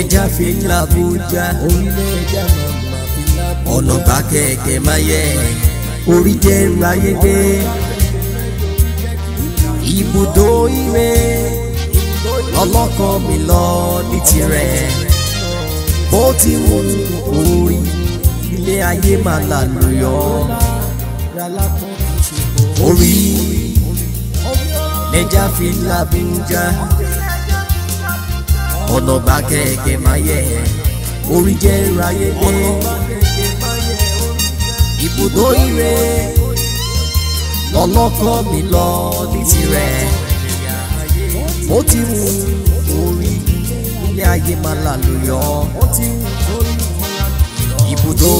ẹja fi ńlá bójá ọ̀nà bá kẹ̀kẹ́ máa yẹ orí jẹ́ ráyé gbé ibùdó ire ọlọ́kàn mi lọ ní tirẹ̀ bó ti wù orí ilé ayé máa là lóyọ orí lẹja fi ńlá bójá ọ̀nà bá kẹ̀kẹ́ máa yẹ orí jẹ́ ráyé dé ibùdó ire lọ́lọ́kọ́ mi lọ ní tirẹ̀ mo ti wù orí ilé ayé máa là ló yọ ibùdó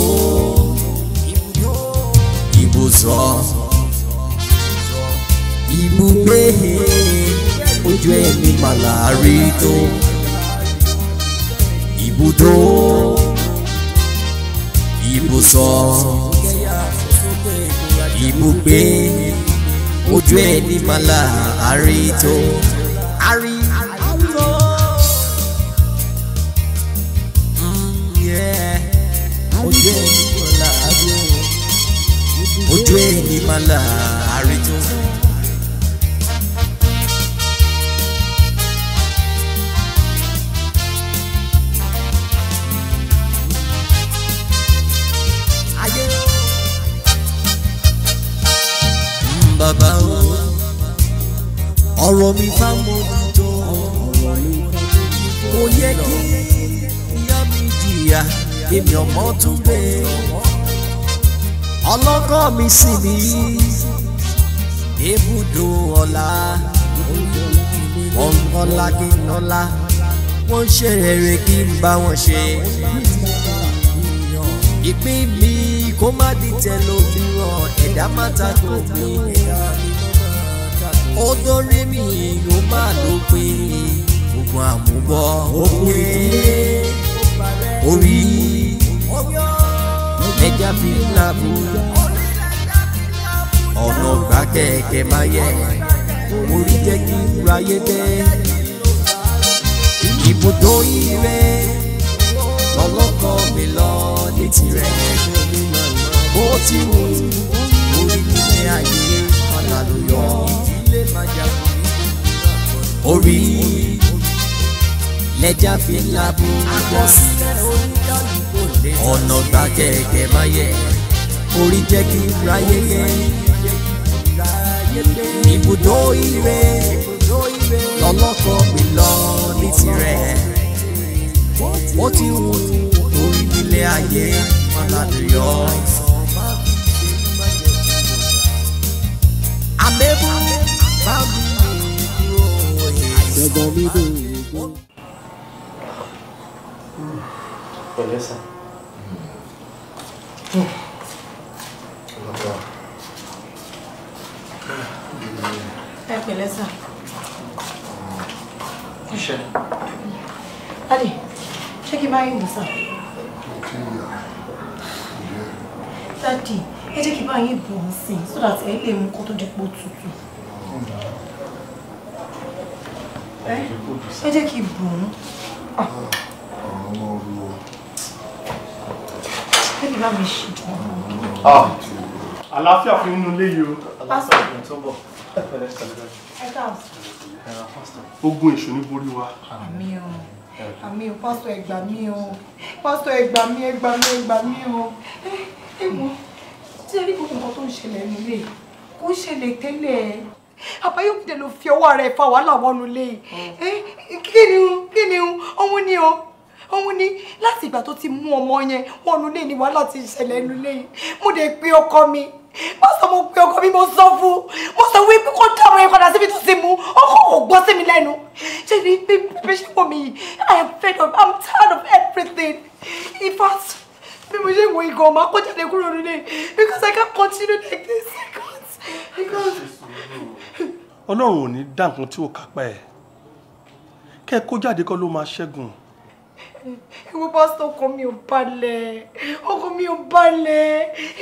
ibùsọ̀ ibùgbé ojú ẹni màlá rí tó ibùdó ibùsọ̀ ibùgbé ojú ẹni màlà àrító àrí. Mm, ojú ẹni màlà àrító. bàbá o ọ̀rọ̀ mi bá mo dùjọ kò yẹ kí ìyá mi jìyà èmi ọmọ tún gbé ọlọ́kọ́ mi sì ní ibùdó ọ̀la wọ́n ọ̀la kí n ọ̀la wọ́n ṣe rere kí n bá wọn ṣe ìpín mi kó má dìtẹ̀ ló fi hàn ẹ̀dá má ta kò mí ẹ̀dá ó dórí mi yóò má ló pé ogun àmúbọ̀ ó pé orí ẹja fi lábú ọ̀nà ọ̀gbà kẹ̀kẹ́ máa yẹ orí jẹ́ kí n ráyé bẹ́ ibùdó ire lọ́lọ́kọ̀ mi lọ ní tirẹ̀ bó ti wù orí ilé ayé ọ̀nà ló yọ. orí lẹ́jà fi ń labú lọ ọ̀nà gba kẹ̀kẹ́ máyẹ̀ orí jẹ́ kí n ráyé yẹ ibùdó ire lọ́lọ́kọ̀ mi lọ ní tirẹ̀ ó ti wù orí ilé ayé ọ̀nà ló yọ. Beleza. Hum. É, beleza. Puxa. Ali, chegue mais, moça. Daddy ẹ jẹ́ kí báyìí bọ̀ ọ́n sìn so that ẹ lè mú kó tó di pò tutù. ẹ jẹ́ kí bọ̀ ọ́n. ọmọ ah. oru o. ẹ lè bá mi ṣe ìtàn. Ah. àlàáfíà fún inú ilé yìí o. pásítọ̀ ẹ káàsì. ogun èṣù ní borí wa. àmín o àmì o pásítọ̀ ẹ gbà mí o pásítọ̀ ẹ gbà mí ẹ gbà mí ẹ gbà mí o ẹ mọ ṣé rí gbogbo nǹkan tó ń ṣẹlẹ̀ nílé kó ń ṣẹlẹ̀ tẹ́lẹ̀ àbáyọ̀mídé ló fi ọwọ́ rẹ̀ fa wàhálà wọnú lé mm. kí ni kí ni òun ni o òun ni láti ìgbà tó ti mú ọmọ yẹn wọnú lé ni wàhálà ti ṣẹlẹ̀ nílé mo dé pé ọkọ mi mo sọ mo pe ọkọ mi mo sọ fún mo sọ wípé kó dáwọn yẹn padà síbi tó ti mú ọkọ kò gbọ́ sí mi lẹ́nu ṣé ni pé pé ṣé pọ̀ mi yìí I am fed up I am tired of everything in fact bí mo ṣe wo ìgò ọmọ kó jáde kúrò nílé because I can't continue like this I can't I can't. ọlọ́run ò ní dá nǹkan tí ò kápá ẹ̀ kẹ́ ẹ kó jáde kọ́ ewo pásítọ̀ ọkọ mi ò balẹ̀ ọkọ mi ò balẹ̀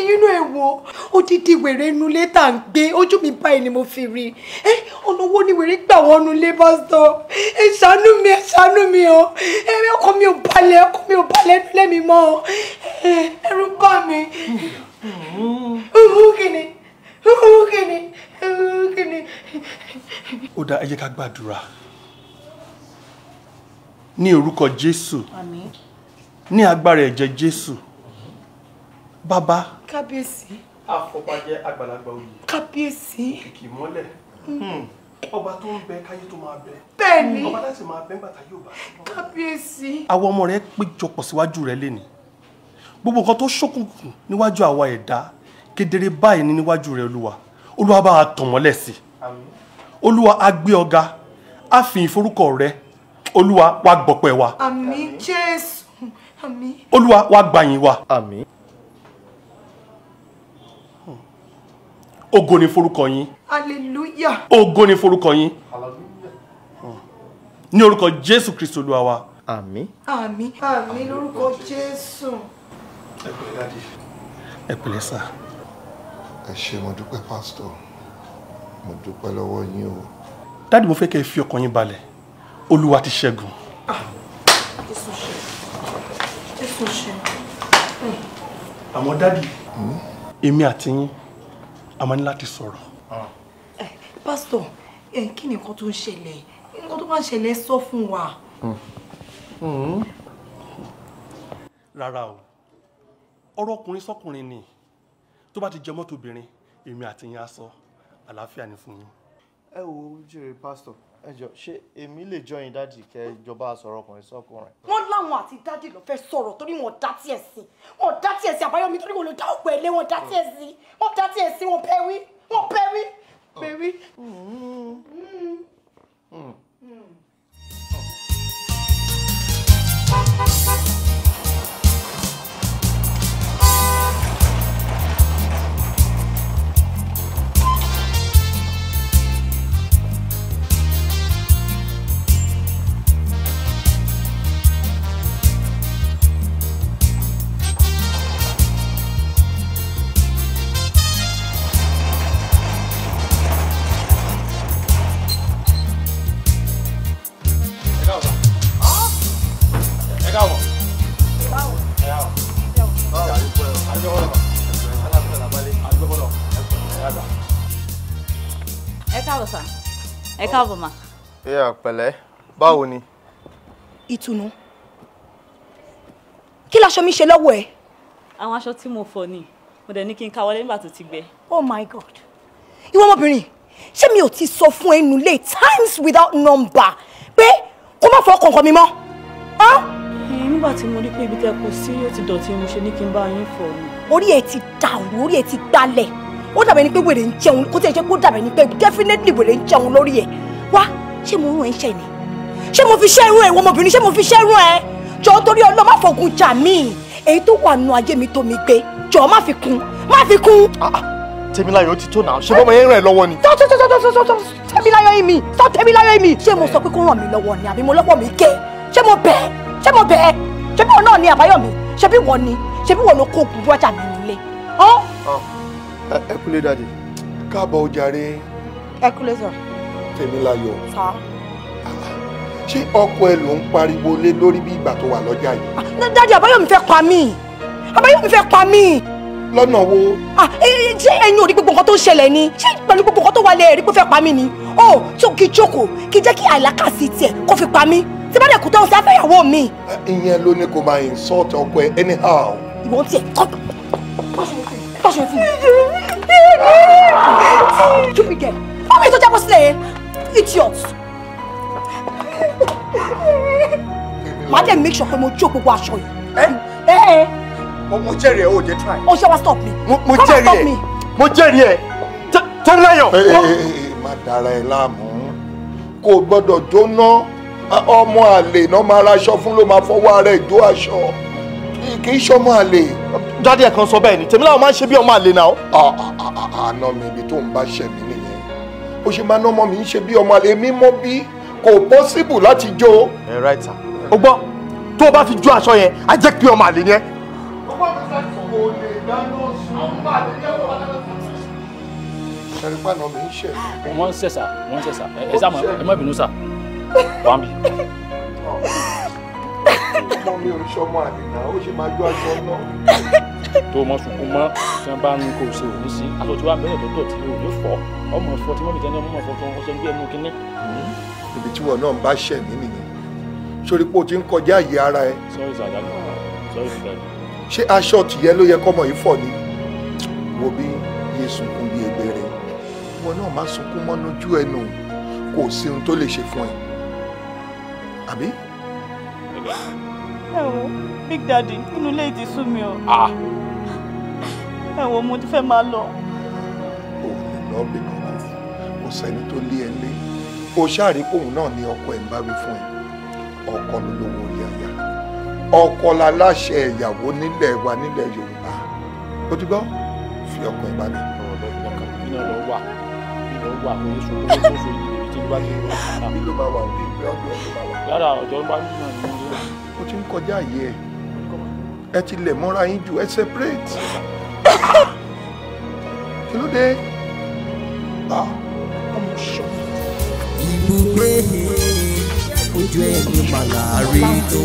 ẹ̀yin náà ewo odidi wèrè inú ilé tá à ń gbé ojú mi báyìí ni mo fi rí ẹ ọ̀nà owó ni wèrè gbà wọ́n nu ilé pásítọ̀ ẹ ṣàánú mi ẹ ṣàánú mi o ẹ ọkọ mi ò balẹ̀ ọkọ mi ò balẹ̀ ẹnu lẹ́mi mọ́ ẹ ẹ̀rù bà mí. kìnì kìnì kìnì. ó dáa ẹ jẹ́ ká gbàdúrà ní orúkọ jésù ní agbára ẹ̀jẹ̀ jésù bàbá kábíyèsí àfọbàjẹ àgbàlagbà òye kábíyèsí kìkì mọ́lẹ̀ hmm. ọba tó ń bẹ káyé tó máa bẹ bẹ́ẹ̀ni ọba láti máa bẹ ńgbàtà yóò bá kábíyèsí. àwọn ọmọ rẹ péjọpọ̀ síwájú rẹ lénìí gbogbo nǹkan tó ṣókùnkùn níwájú àwa ẹ̀dá kedere báyìí ní níwájú rẹ olúwa olúwa bá a tàn mọ́lẹ̀ sí olúwa a gbé ọ̀gá ìforúkọ rẹ olúwa wá gbọpẹ́ wa. àmín jésù àmín. olúwa wá gbàyìn wa. àmín. ògo ni forúkọ yín. hallelujah. ògo ni forúkọ yín. hallelujah. ní orúkọ jésù kristu olúwa wa. àmín. àmín àmín lórúkọ jésù. ẹ pẹ̀lẹ́ dáàdi. ẹ pẹ̀lẹ́ sà. ẹ ṣé mo dúpẹ́ pásítọ̀ mo dúpẹ́ lọ́wọ́ yín o. dáàdi mo fẹ́ kẹ́ ẹ fi ọkàn yín balẹ̀ olúwa ti ṣẹ́gun. Ah, hmm. àmọ́ dádì èmi àti yín a máa ní láti sọ̀rọ̀. Ah. Eh, pásítọ̀ eh, kí ni nǹkan tó ń ṣẹlẹ̀ nǹkan tó bá ń ṣẹlẹ̀ sọ fún wa. Hmm. Hmm. rárá o ọ̀rọ̀ ọkùnrin sọ́kùnrin ni tó bá ti jẹ mọ́tò obìnrin èmi àti yín á sọ àlàáfíà ni fún yín. ẹ wo jèrè pásítọ̀ ẹjọ ṣé èmi lè join dájì kẹ ìjọba ọkùnrin sọkùnrin. wọ́n láwọn àti dájì ló fẹ́ sọ̀rọ̀ torí wọ́n dá tiẹ̀ sí wọ́n dá tiẹ̀ sí àbáyọmí torí wọ́n lè dá ògbẹ ilé wọ́n dá tiẹ̀ sí wọ́n dá tiẹ̀ sí wọ́n pẹwí wọ́n pẹwí pẹwí. Thank you. káàbọ̀ mà. ìyá pẹ̀lẹ́ báwo ni. ìtùnú kí laṣọ mi ṣe lọ́wọ́ ẹ. àwọn aṣọ tí mo fọ ni mo dẹ̀ ní kí n ká nígbà tó ti gbẹ. oh my god ìwọ ọmọbìnrin ṣé mi ò ti sọ fún ẹnu lé times without number pé kó má fọ ọkàn mi mọ́. nígbà tí mo rí pé ibi tẹ kò sí yóò ti dọ̀tí mo ṣe ní kí n bá yín fọ ni. orí ẹ ti dàrú orí ẹ ti gbalẹ̀ ó dàbẹ̀ ni pé wèrè ń jẹun kó tẹ̀ jẹ́ pé ó dàbẹ̀ ni pé definitely wèrè ń jẹun lórí ẹ̀ wá ṣé mo rún ẹ̀ ń ṣe ni ṣé mo fi ṣẹ́ irun ẹ̀ wọ́n ọmọbìnrin ṣé mo fi ṣẹ́ irun ẹ̀ jọ torí ọlọ́ má fọ̀gùn jà mí èyí tó wà nù ayé mi tó mi gbé jọ má fi kún má fi kún. Ah, ah, tèmiláyọ̀ ti tó náà ṣé bọ́mọ yẹn ràn ẹ́ lọ́wọ́ ni. tó tó tó tó tó tó tó tèmiláyọ̀ yìí mi tó tèmiláyọ̀ yìí mi ṣé mo sọ pé kó ràn mí lọ́wọ́ ni àbí mo lọ́wọ́ mi gé ṣé mo bẹ̀ ṣé mo bẹ̀ ṣé bí wọn náà ni àbáyọ̀ mi ṣé bí wọn ni ṣé bí wọn ló kó oògùn bọ́jà mi nílé ẹ kúlé dáadé. káàbọ̀ ojàre. ẹ kúlé sọ. tèmi láyọ̀. sá. ṣé ọkọ ẹ ló ń pariwo lé lórí bí ìgbà tó wà lọ́jà yìí. Ah, dáadé àbáyọ̀mí fẹ́ pa mí àbáyọ̀mí fẹ́ pa mí. lọ́nà wo. Ah, ṣé ẹ̀yin ò rí gbogbo nǹkan tó ń ṣẹlẹ̀ ni ṣé pẹ̀lú gbogbo nǹkan tó wà lẹ́ẹ̀rí pé fẹ́ pa mí ni ó tó kí jókòó kí jẹ́ kí àìlákàsí tiẹ̀ kó fi pa mí tí bá dẹ̀ kú tán ó sì á fẹ́yàwó mi. ìyẹn ló ní kó máa insult ọkọ ẹ anyhow. ìwọ ti ẹ̀ kọ́ tó ṣe fún mi. stupid girl fún mi tó jábọ́ sílẹ̀ yẹn idiot. màá dẹ̀ make sure pé mo jó gbogbo aṣọ Eh? mo jẹ́rìí ẹ̀ o try. Oh, ṣe wá stop me. mo jẹ́rìí me? mo jẹ́rìí ẹ̀ tẹ́láyọ̀. má dara ẹ láàmú kò gbọ́dọ̀ jóná ọmọ àlè náà máa raṣọ fún ló máa fọwọ́ ara ẹ̀ aṣọ kì í ṣọmọ àlè jáde ẹ̀kan sọ bẹ́ẹ̀ ni tèmi láwọn máa ń ṣe bí ọmọ àlè náà. Ah, ah, ah, àná mi ibi tó ń bá ṣẹ̀ mí nìyẹn ó ṣe máa ná ọmọ mi ń ṣe bí ọmọ àlè mi mọ́ bí kò pọ́síbù láti jó. ẹ ráìtà o gbọ́ tó o bá fi jó aṣọ yẹn á jẹ́ pé ọmọ àlè ni ẹ. ọgbọ́n mi sáré sọ kò lè dáná àwọn ọmọ àlè ni ẹ wọ́n wá dáná sẹ́rípànà mi ń ṣe. wọ́n ń ṣẹ̀ṣà wọ́n ń ṣẹ̀ṣà ẹ̀ ọmọ mi ò sọmọ àdìnà ó ṣe máa jó aṣọ náà. tó mọ sunkún mọ tí wọn bá ń kó o ṣe òní sí aṣọ tí wàá bẹ̀rẹ̀ lọ́tọ̀ tí o ní fọ ọmọ ẹ̀fọ́ tí wọ́n fi jẹ́ ní ọmọ ẹ̀fọ́ tó ń kọ́ ẹnu kínní. Hmm? ibi tí wọn náà ń bá ṣẹ̀ mí nìyẹn sórí pé o ti ń kọjá àyè ara ẹ. sọ́rí sàdámù sọ́rí sàdámù. ṣé aṣọ tìyẹ ló yẹ kọ́mọ yìí fọ̀ ni wo bí yé sunkún bí egbèrè wọn náà má sunkún mọ́ lójú ẹnu kò sí ohun tó lè ṣe fún ẹ àbí ẹ wo big daddy inú ilé ti sú mi o ẹ wo mo ti fẹ́ máa lọ. o ò lè lọ bí kankan kò sẹ́ni tó lé ẹ lé o ṣáàrí pòun náà ni ọkọ ẹ̀ ń bá wí fún ẹ ọkọ ló lówó orí aya ọkọ láláṣẹ ìyàwó nílẹ̀ wa nílẹ̀ Yorùbá ó ti gbọ́ fi ọkọ ẹ̀ bá mi. ọ̀rọ̀ lọ́kàn bí náà lọ wà bí náà wà kò ní sọ kó ní sọ sọ yìí níbi tí ló bá ti wà. bí ló bá wà òbí bí ọdún ọdún bá wà. yàrá ọjọ́ bá ń bí náà ni kọjá yìí ẹ ẹ ti lẹ̀ mọ́ra yín jù ẹ separate kí ló dé ibùgbé ojú ẹni màlárí tó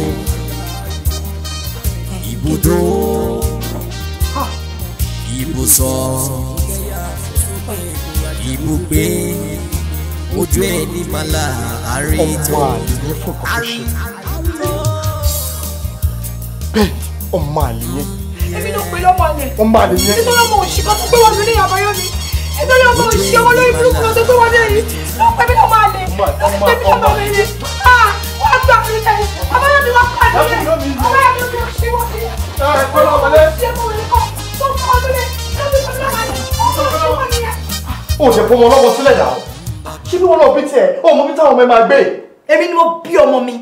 ibùdó ibùsọ̀ ibùgbé ojú ẹni màlárí tó. ọmọ àlè fún kọ́kọ́ ṣe ọmọ àlè yẹn. èmi ló pe lọ́mọ àlè. ọmọ àlè yẹn. nítorí ọmọ òṣì kan tó gbé wọn nílé àbáyọ mi nítorí ọmọ òṣì ọmọ lórí burúkú lọ tó gbé wọn lẹ́yìn ló pe mí lọ́mọ àlè ló pe mí lọ́mọ mi ni ah, wọ́n á gbà mí lẹ́yìn àbáyọ mi wọ́n pàdé lẹ́yìn àbáyọ mi kò ṣe wọ́n mi. Ah, ẹ pẹ́ lọ́mọ lẹ́. ṣé mo rí kọ́ tó kọ́ ọdún lẹ́ o ṣe fọmọ lọ́wọ́ sílẹ̀ dà o ṣé bí wọ́n lọ bí tiẹ̀ o mọ bí táwọn ọmọ ẹ máa gbé. èmi ni mo bí ọmọ mi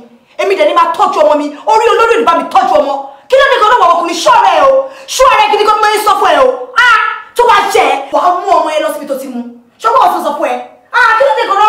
èmi dẹ̀ ni máa tọ́jú ọmọ mi orí olórí ò ní bá mi tọ́jú ọmọ kí ló ní kó lọ́wọ́ ọkùnrin ṣọ́ọ̀rẹ́ o ṣọ́ọ̀rẹ́ gidi kó mẹ́rin sọ fún ẹ o á tó bá jẹ wà á mú ọmọ yẹn lọ síbi tó ti mú ṣọ́ọ̀bù ọ̀sán sọ fún ẹ á kí ló ní kó lọ.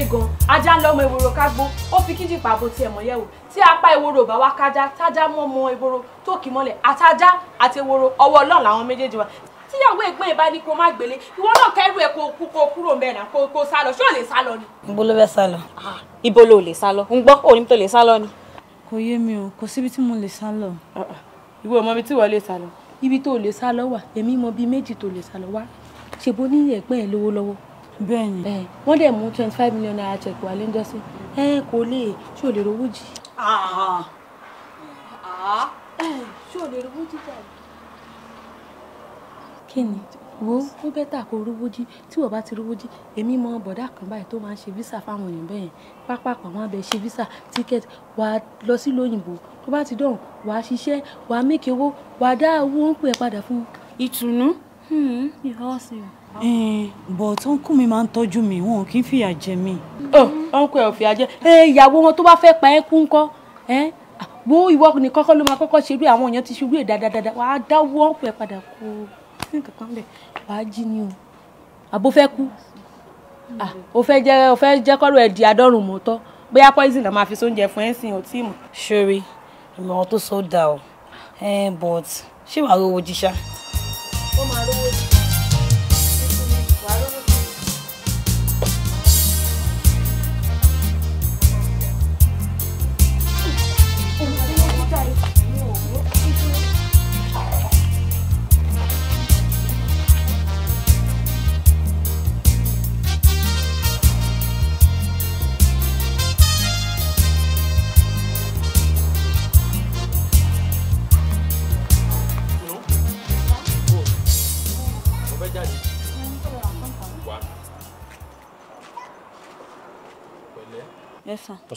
láyé gan ajá ń lọ́mọ ewúro kágbó ó fi kíjì pàbó tiẹ̀ mọ́ yẹ̀wò tí apá ewúro bá wá kájá tájá mọ́ ọmọ ewúro tó kì mọ́lẹ̀ àtajá àti ewúro ọwọ́ ọlọ́run làwọn méjèèjì wa tíyàwó ẹ̀gbọ́n ẹ̀ bá ní kó má gbélé ìwọ náà kẹ́rù ẹ̀ kó kú kó kúrò mbẹ́ náà kó sá lọ ṣé ò lè sá lọ ni. ibo ló ah. lè sá lọ ń òní tó lè sá lọ ni. kò yé mi o kò síbi tí mo lè sá lọ. Ah, ah. ìwọ ọmọ mi tí wọ́n lè sá lọ. ibi tó lè sá lọ wà èmi mọ bíi méjì tó lè sá lọ wá ṣèbó ní ẹ̀gbọ́n ẹ̀ lówó lọ́wọ́ bẹ́ẹ̀ni. ẹ wọ́n dẹ̀ mú twenty five million naira check wá lẹ́jọ́sí ẹ kò lè ṣé ò lè rówó jì. ṣé ò lè rówó jì jáde. kí ni wo ó bẹ́tà kó rówó jí tí wọ́n bá ti rówó jí èmi mọ bọ̀dá kan báyìí tó máa ń ṣe visa fáwọn èèyàn bẹ́ẹ̀ yẹn pápákọ̀ wọn abẹ ṣe visa ticket wà á lọ sí lóyìnbó tó bá ti dọ̀hùn wà á ṣiṣẹ́ wà á mékè owó wà á dá owó ń pè é padà fún un. ìtùnú hmm, ìhọ́sìn. Eh, but uncle mi máa ń tọ́jú mi wọn kì í fìyà jẹ mi. Oh, uncle ẹ ò fìyà jẹ eh, ìyàwó wọn tó bá fẹ́ pa ẹ́ kú ńkọ́ eh, bó ìwọ ni kọ́kọ́ ló máa kọ́kọ́ ṣerú àwọn èèyàn ti ṣubú ẹ̀ dáadáa wàá dáwọ́ uncle ẹ padà kú nǹkan kan bẹ̀ wàá jí ni o àbó fẹ́ kú o fẹ́ jẹ́ o fẹ́ jẹ́ kọ́rọ̀ ẹ̀ di adọ́rùn mọ́tọ́ bóyá poison la máa fi sóúnjẹ fún ẹ̀ sìn ọtí mọ̀. ṣeré ìmọ̀ràn tó so dáa o but ṣé wàá rówó jíṣà. ó máa rówó.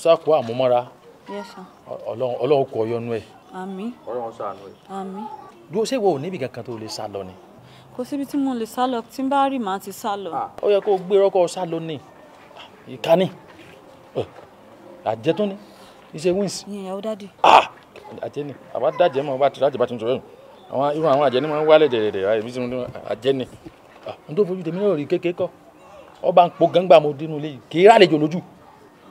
sáàkó àmúmọ́ra ọlọ́run kọ ọyọ́nú ẹ̀ àmín ọlọ́run ṣàánú ẹ̀ àmín. dúró ṣé ìwọ ò níbi kankan tó lè sá lọ ni. kò síbi tí mo lè sá lọ tí n bá rí màá ti sá lọ. Ah. ó yẹ kó o gbé rọ́kọ̀ sá lọ ní ìkànnì eh, àjẹtún ni iṣẹ́ wins. ìyẹn ìyàwó dáàdì. Ah! àjẹ ni àbá dájẹ mọ bá tìlájẹ bá tuntun rẹ àwọn irun àwọn àjẹ ni wọn wálẹ̀ dẹ̀dẹ̀dẹ̀ àìbí sínú àjẹ ni. n ah, tó fojú tèmi náà rí kékeré kọ ọba ń po gángbà mo dínú ilé yìí kì lójú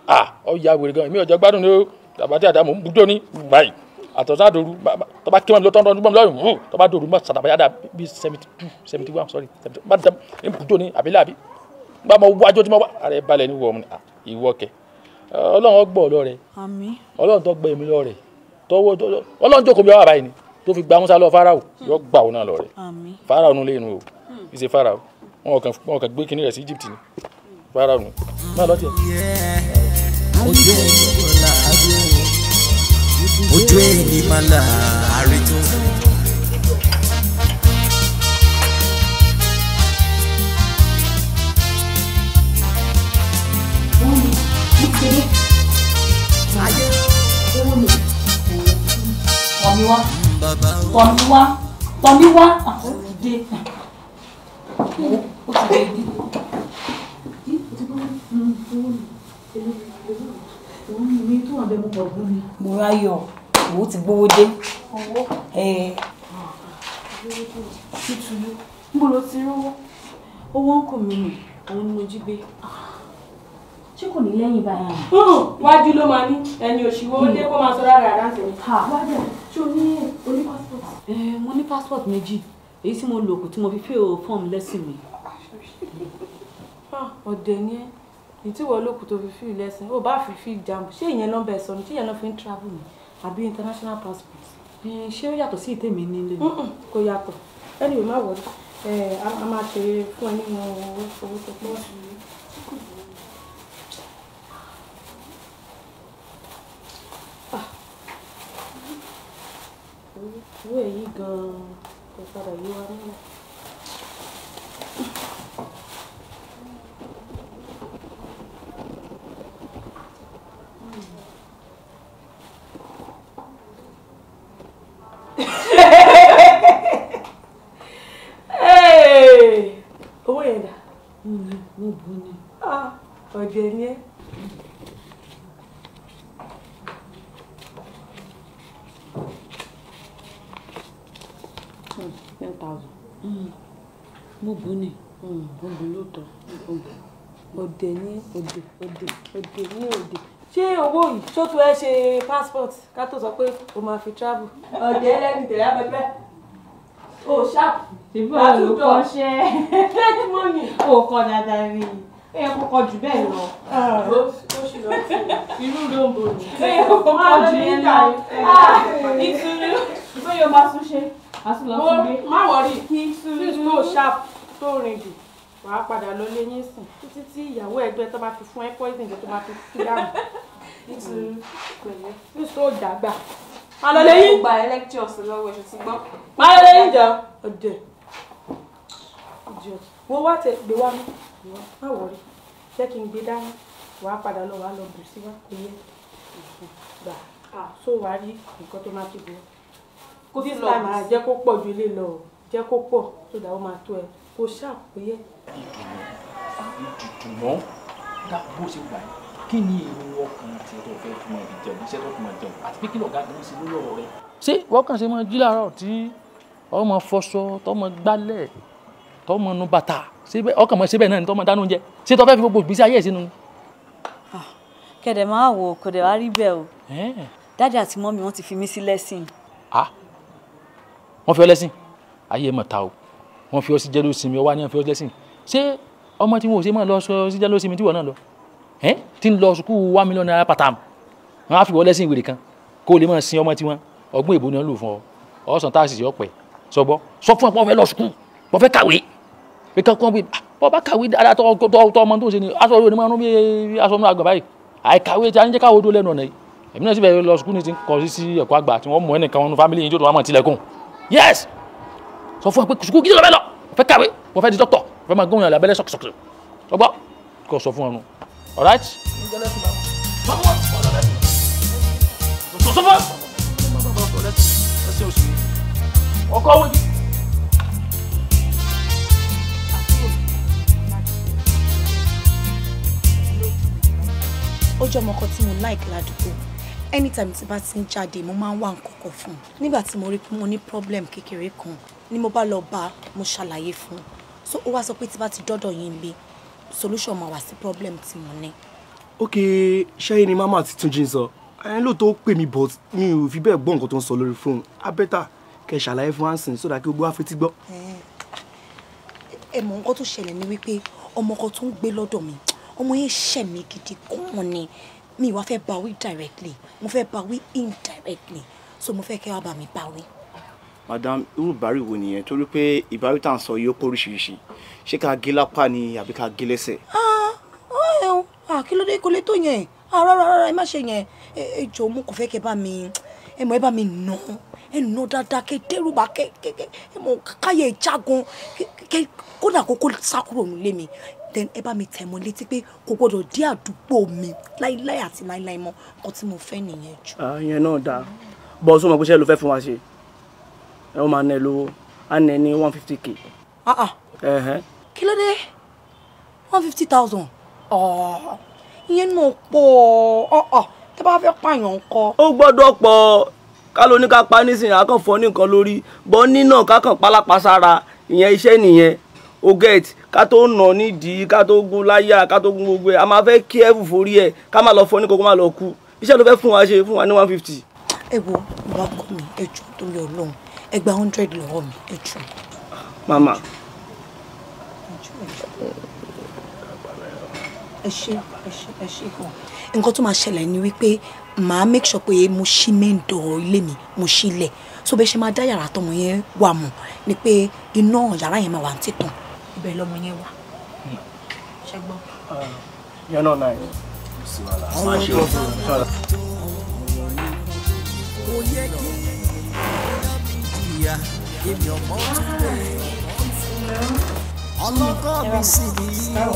ah ọ̀ya wèrè gan mi ọ̀jọ̀ gbádùn ni ó tàbátí àdàmú bùjọ́ ni báyìí àtọ̀sá dòru tọ́ba kí wọn lọ tọ́ndọ́ nígbà lọ́yìn hù tọ́ba dòru mọ́ sàtàbáyàdà bíi seventy two seventy one sorry seventy one bàtà ní bùjọ́ ni àbílẹ̀ àbí bá mọ wájú tí mo wá àrẹ balẹ̀ ní wọ̀ọ́mù ìwọ kẹ ọlọ́run ọgbọ́ ọ̀lọ́ rẹ ọlọ́run tó gbẹ èmi lọ rẹ tọwọ́ ọlọ́run jókòó mi ọ̀rọ̀ àbáyé ni tó fi gba musa lọ farao ojú ẹni mọ̀lá ojú ẹni mọ̀lá àrètò. Tọ́míwá Tọ́míwá Tọ́míwá àkọ́dé ó ti dé òun mi tó àbẹ mo pọ̀ gún mi. mo ráyọ̀ owó ti gbówó dé. owó ẹ. títúlú níbo ló ti rówó owó ń kò mí nì àwọn ni mo jí gbé ṣé kò ní lẹ́yìn báyà. wájú ló máa ní ẹni òṣìwò ó dé kó máa sọ rárá rárá sẹ́yìn. wájú ṣé o ní oní passport. mo ní passport méjì èyí tí mo lò kù tí mo fi fẹ́ o fọ́ọ̀mù lẹ́sìn mi. ọ̀dẹ̀ ni ẹ́ ìtìwọ olókùn tó fi fi lẹ́sìn ó bá fi fi jàǹbù ṣé ìyẹn ló ń bẹ sọ ni ṣé ìyẹn ló fi ń travel ni àbí international passport. ṣé ó yàtọ̀ sí ìtẹ̀mí nílé. kò yàtọ̀ ẹni má wọlé a máa ṣe fún ẹ nínú owó owó tó pọ̀ sí i. Ah. owó èyí gan-an kò padà yí wa nílẹ̀. owó yẹn dà. mo ní mo bu ni. Ah, ni ẹ́. Hmm, ten thousand. Hmm. mo bu ni. Hmm. mo bu lóòótọ́. ọ̀dẹ̀ ni ọ̀dẹ̀ ọ̀dẹ̀ ọ̀dẹ̀ ni ọ̀dẹ̀ ṣé owó yìí ṣó tún ẹ ṣe passport ká tó sọ pé o máa fi travel. ọ̀dẹ̀ ẹlẹ́ni tẹ̀lé abẹ́fẹ́ o ṣáàpù àtúntò fake money. o kọ dáadáa rí i ẹ kọkọ jù bẹ́ẹ̀ lọ. Ah. irú lóńgbò ni. ẹ kọkọ jù bẹ́ẹ̀ lọ. ìtúrú bóyá o máa tún ṣe. má wọrí kí ìtúrú tó ṣáàpù tó rìn jù wàá padà lọ lé yín sìn títí tí ìyàwó ẹgbẹ́ tó bá fi fún ẹ poison tó bá fi fi dáhùn nítorí pẹ̀lẹ́ nítorí ó dàgbà. má lọ lé yín. gba lectures lọ́wọ́ ẹ̀ṣọ́ ti gbọ́. má lọ lé yín jọ ọ̀dẹ̀ wọ́n wá tẹ gbé wá mú má wọ̀rí jẹ́ kí n gbé dání wàá padà lọ wàá lọ bù sí wa kò yẹ gbà so wàá rí nǹkan tó máa ti bọ̀ kó tí sàmà jẹ́ kó pọ̀ ju ilé lọ jẹ́ kó pọ̀ tó dà ó máa tó ẹ kò ṣàpéyẹ. ìdùnnú ìdùnnú dá bó ṣe wà yìí kí ni èrò ọkàn tí ẹ tó fẹ́ fún ẹ jẹun iṣẹ́ tó fún ẹ jẹun àti pé kí lọ̀gá gan ṣe lórí ọ̀rọ̀ rẹ. ṣé wọ́n ṣe máa jí láàárọ̀ tí ọmọ fọṣọ tọmọ gbálẹ̀ tọmọ nu bàtà ọkàn mọ̀ ṣe bẹ́ẹ̀ náà ni tọmọ dáná oúnjẹ ṣé tó fẹ́ fi gbogbo ìgbésí ayé ẹ̀ sínú. kẹ̀dẹ̀ máa wò kò dẹ̀ wá rí bẹ́ẹ̀ o dáàdì àti mọ́mí wọ́n ti fi mí sí lẹ́sìn. wọ́n fi ọ lẹ́sìn ayé mọ̀ o wọ́n fi ọ sí jẹ́lósìmí ọwọ́ àníyàn fi ọ lẹ́sìn ṣé ọmọ tí wọn ò ṣe máa lọ sọ sí jẹ́lósìmí tí wọ́n náà lọ ẹ́ tí ń lọ sùkú one million naira pàtàm wọ́n á fi wọ́n lẹ́sìn ìwèrè kan kó o lè máa sin ọmọ tí wọ́n ọgbọ́n èbó ni wọ́n lò fún ọ ọ̀sán táàsì sí ọ̀pẹ sọgbọ́ sọ fún ẹ pọ́n fẹ́ lọ sùkú pọ́n fẹ́ kàwé pé kankan bí pọ́n ah, bá kàwé dáadáa tọ́ ọmọ tó ń ṣe ni aṣọ ìwé ni máa ń bí aṣọ inú àgbà báyìí àìkàwé tí a ń jẹ́ káwé dó lẹ́nu ọ̀nà yìí èmi náà sì bẹ̀rẹ̀ lọ sùkúù ní ti ń kọ sí sí ẹ̀kọ́ àgbà tí wọ́n mú ẹnìkan wọn nu fámìlì yìí tó wà mọ̀ tilẹ̀kùn yes sọ fún ẹ pé gidi lọ bẹ́ẹ̀ lọ mo fẹ́ kàwé mo fẹ́ di dókítà mo fẹ́ máa gbóhùn yàn lábẹ́lẹ́ sọ̀kìsọ̀kì ọgbọ́ kò sọ fún ẹ nu all right. ọkọ̀ ọmọ kan tí mo like ládùúgbò anytime tí bá ti ń jáde mo máa ń wá nǹkan kan fún un nígbà tí mo rí pé mo ní problem kékeré kan ni mo bá lọ bá mo ṣàlàyé fún so ó wá sọ pé tí bá ti dọ́dọ̀ yín bí solution máa wà sí problem tí mo ní. ok ṣẹ́yìn ni mama ti túnjí sọ ẹni lóòótọ́ ó pè mí but mi ò fi bẹ́ẹ̀ gbọ́ nǹkan tó ń sọ lórí fóònù abẹ́tà kẹ́ ṣàlàyé fún hansen sódà kí gbogbo wa fetí gbọ́. Eh, ẹ mọ̀ nǹkan tó ṣẹlẹ̀ ni wípé ọmọ kan tó ń gbé lọ́dọ̀ mi ọmọ yẹn ṣẹ̀ mí gidi gan ni mi ìwà fẹ́ bá directly mo fẹ́ bá indirectly so mo fẹ́ kẹ́ wá bá mi bá madam irú ìbárí wo nìyẹn torí pé ìbárí tá à ń sọ yìí ó pọ̀ oríṣiríṣi ṣé ká gé lápá ni àbí ká gé lẹ́sẹ̀. Ah, ah, ah, kí ló dé kò lè tó yẹn rárá rárá ẹ má ṣe yẹn ẹ jọ mo kò fẹ́ kẹ́ bá mi ẹ mọ̀ ẹ bá mi nà ẹ nà dáadáa kẹ́ dẹ́rùbà kẹ́ kẹ́ ẹ mọ̀ káyé ìjagun kẹ́ kódà kókó sákúrò nílé mi then ẹ bá mi tẹ̀ mọ́ létí pé kò gbọ́dọ̀ dé àdúgbò mi láíláí àti láíláí mọ́ nǹkan tí mo fẹ́ nìyẹn jù. ìyẹn náà dáa bọ́ọ̀ sọ ma pé ṣé ló fẹ́ fún wa ṣe ó máa ná ẹ lówó á ná ẹ ní one fifty k. Ah, ah. kí ló dé one fifty thousand ìyẹn náà pọ̀ tẹ́ bá fẹ́ pààyàn kọ. ó gbọ́dọ̀ pọ̀ ká ló pa nísìnyí àkànfọ́ nìkan lórí bọ́ nínà kákàn pálápàá sára ìyẹn iṣẹ́ nìyẹn o get ká tó nà nídìí ká tó gún láyà ká tó gún gbogbo ẹ a máa fẹ́ kí ẹ̀fù forí ẹ ká máa lọ fọ ní kókó máa lọ kú iṣẹ́ ló fẹ́ fún wa ṣe fún wa ní one fifty. ẹ wo ìwà ọkọ mi ẹ jù tó lè Ọlọ́run ẹ gba hundred lọ́wọ́ mi ẹ jù. mama. ẹ ṣe ẹ ṣe ẹ ṣe kàn. nǹkan tó máa ṣẹlẹ̀ ni wípé màá make sure pé mo ṣí main door ilé mi mo ṣí ilẹ̀ so bẹ́ẹ̀ ṣe máa dá yàrá tọmọ yẹn wà mọ̀ ni pé iná yàrá yẹn máa wà ní títàn ibẹ̀ lọmọ yẹn wà. ṣẹ́gbọ́n. Uh, yẹn náà náà sí wàhálà. máa ṣe ọ̀sán ìyá èmi ọmọ tó bẹ́ẹ̀. ọlọ́kọ́ mi sì ní yíyọ.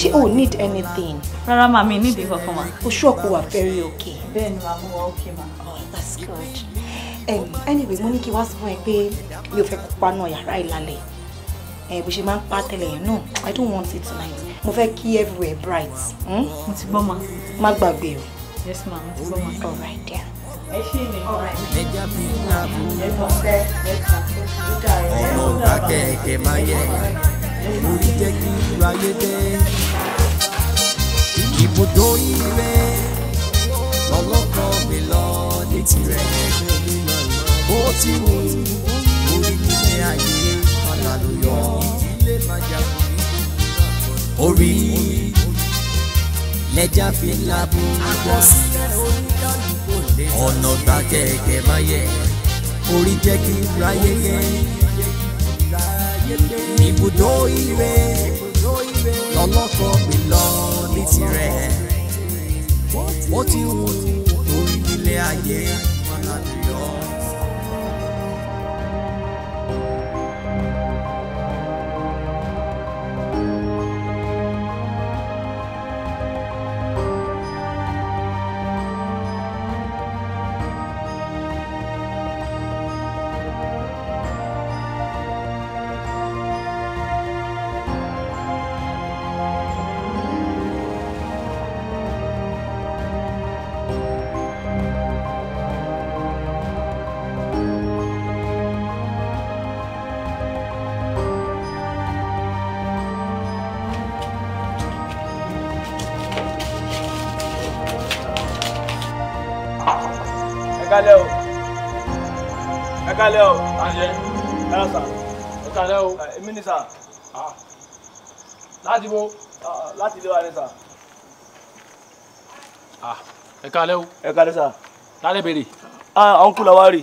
ṣé o need anything. rárá màá mi nídìí kankan ma. oṣù ọkọ wà very okay. bẹ́ẹ̀ ni màá mú wa okay ma. Oh, that's good. Um, anyway mo ní kí wá sọ fún ẹ pé mi ò fẹ́ kópa náà yàrá ìlàlẹ̀ eh, bó ṣe máa ń pa tẹ́lẹ̀ yẹn no i don't want it tonight mo fẹ́ kí everywhere bright. Hmm? mo ti gbọ́ ma. má gbàgbé o. Yes, ma'am. This is all my call right there. Ọ̀nà akẹ́kẹ́ máa yẹ, orí jẹ́ lẹ́jà fi ń labú pọ̀ sí. ọ̀nà gbàgẹ̀gẹ̀ má yẹ orí jẹ́ kí n ráyé yẹ. ibùdó ire lọ́lọ́kọ̀ mi lọ ní tirẹ̀ mo ti wù orí nílé ayé. kalẹ̀ o ẹ kalẹ̀ o àṣẹ ẹ sà ẹ kalẹ̀ o èmi ni sà láti bo láti ilé wa ni sà. ẹ kalẹ̀ o ẹ kalẹ̀ sà. tálẹ̀ bèrè. ọ̀nkú la wá rí.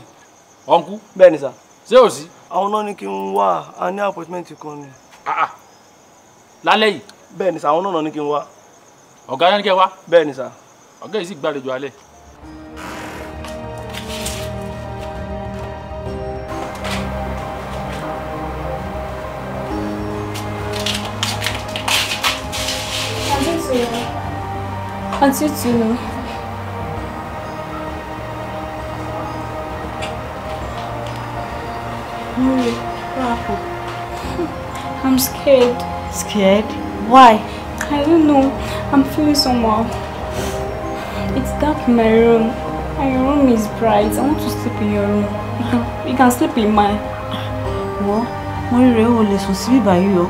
ọ̀nkú. bẹ́ẹ̀ ni sà. ṣé o sí. àwọn náà ní kí n wá a ní appointment kan ni. lálẹ́ yìí. bẹ́ẹ̀ ni sà àwọn náà ní kí n wá. ọ̀gá yẹn ní kẹ́ wá. bẹ́ẹ̀ ni sà. ọ̀gá yìí sì gbàlejò alẹ́. Àǹtí tù mí. Mori, what happened? I'm scared. Scared? Why? I don't know. I'm feeling somehow. It's dark in my room. And your room is bright. I want to sleep in your room. You can, sleep in mine. What? Mori, o so sùn síbí báyìí o.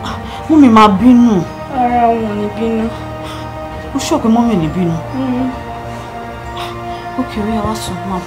Mummy ma bínú. Ara wọn ò ní bínú ó ṣọ̀pẹ́ mọ́mì ní bínú. Mm. ó kì í rí àwa sùn máa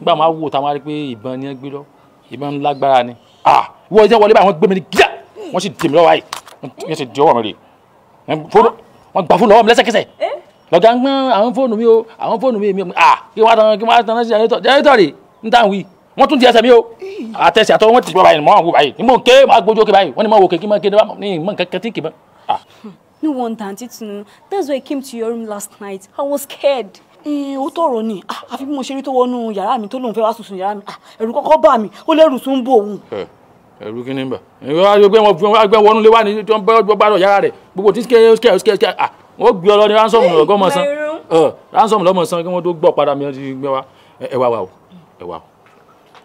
nígbà máa wò táwọn arí pé ìbọn ni wọ́n gbé lọ ìbọn lágbára ni ìwọ ah, ìjẹ́ wọlé báyìí wọ́n gbé mi ní gíà wọ́n sì dì mí lọ́wọ́ báyìí wọ́n sì di ọwọ́ mi rè wọ́n gbà fóònù lọ́wọ́ mi lẹ́sẹ̀kẹsẹ̀ eh? lọ́gà ń gbọ́n àwọn fóònù mi o àwọn fóònù mi mi ah kí wọ́n tán kí wọ́n tán sí jẹ́rẹ́tọ̀ jẹ́rẹ́tọ̀ rè ń tàn wí wọ́n tún di ẹsẹ̀ mi o àtẹ̀sẹ̀ àtọ́ wọn ti bọ́ báyìí mọ́ àwọn báyìí nígbà òkè máa gbójú òkè báyìí wọ́n ní máa wò kékeré máa kéde ní ìmọ̀ nǹkan kẹtí kìí bá. Ah. no wonder aunty tunu that's why i came to your room last night i was scared. Eh, ó tọrọ ni ah, àfi bí mo ṣe rí tó wọnú yàrá mi tó lóun fẹ́ wá sùn yàrá mi ah, ẹ̀rù kọ́kọ́ bà mí ó lẹ́rù tún bò òun. ẹ̀rù kí ni bà ẹgbẹ́ wọn fún ẹgbẹ́ wọnú lé wá ní tí wọ́n bá gbádùn yàrá rẹ̀ gbogbo tí sikẹ́ sikẹ́ sikẹ́ à wọ́n gbé ọ lọ ní ransom lọ́gọ́ mọ̀ san ransom lọ́mọ san kí wọ́n tó gbọ́ padà mi ẹ wá wa o ẹ wá o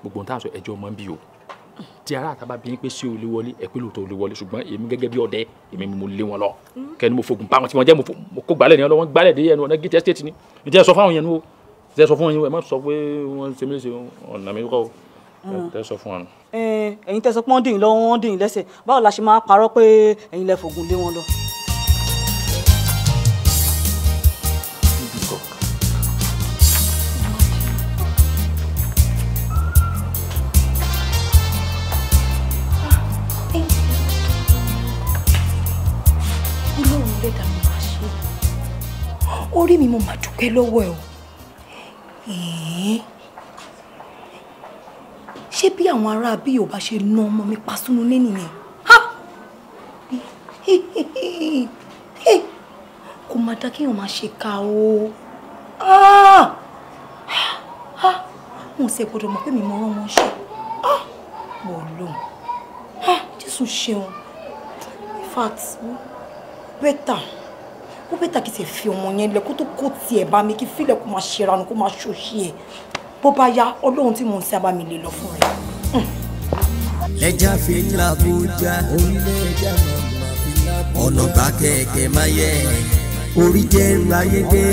gbogbo ohun táwọn sọ ẹjọ́ mọ́ bí o tí ara àtàbà bí pé ṣé o lè wọlé ẹ pé lóòótọ́ o lè wọlé ṣùgbọ́n èmi gẹ́gẹ́ bí ọdẹ èmi mo lé wọn lọ kẹ́ni mo fogun bá wọn tí wọ́n jẹ́ mo kó gbálẹ̀ ní ọlọ́wọ́n gbálẹ̀ dé ẹnu ọ̀nà gate estate ni ǹjẹ́ sọ fáwọn yẹn nu o ǹjẹ́ sọ fún wọn yẹn o ẹ má sọ pé wọ́n ṣe mí léṣe ọ̀nà mi kọ́ o ẹ mm. sọ fún wọn. ẹ̀yin tẹ́ sọ pé wọ́n dìyìn lọ́wọ́ wọ́n dìyìn lẹ́sẹ̀ báwo la ṣe máa parọ́ pé ẹ̀yin lẹ fògùn lé wọn lọ. mà dúpẹ́ lọ́wọ́ ẹ o ṣé bí àwọn ará bí ò bá ṣe na ọmọ mi pa sínú ilé nìyẹn kò má dá kéèyàn máa ṣe ká o mo ṣe gbọdọ̀ mọ̀ pé mi mọ ọmọ ṣe wọ lóhùn jésù ṣeun in fact better ó ta tàkì se fi ọmọ yẹn lẹ kó tó kó tiẹ̀ bá mi kí fílẹ̀ kó máa ṣeranu kó máa ṣòṣì ẹ̀ bó bá yá ọlọ́run tí mò ń sábà mi lè lọ fún rẹ̀. lẹ́jà hmm. fi ńlá bójá ọ̀nà bá kẹ̀kẹ́ máa yẹ orí jẹ́ ráyé gbé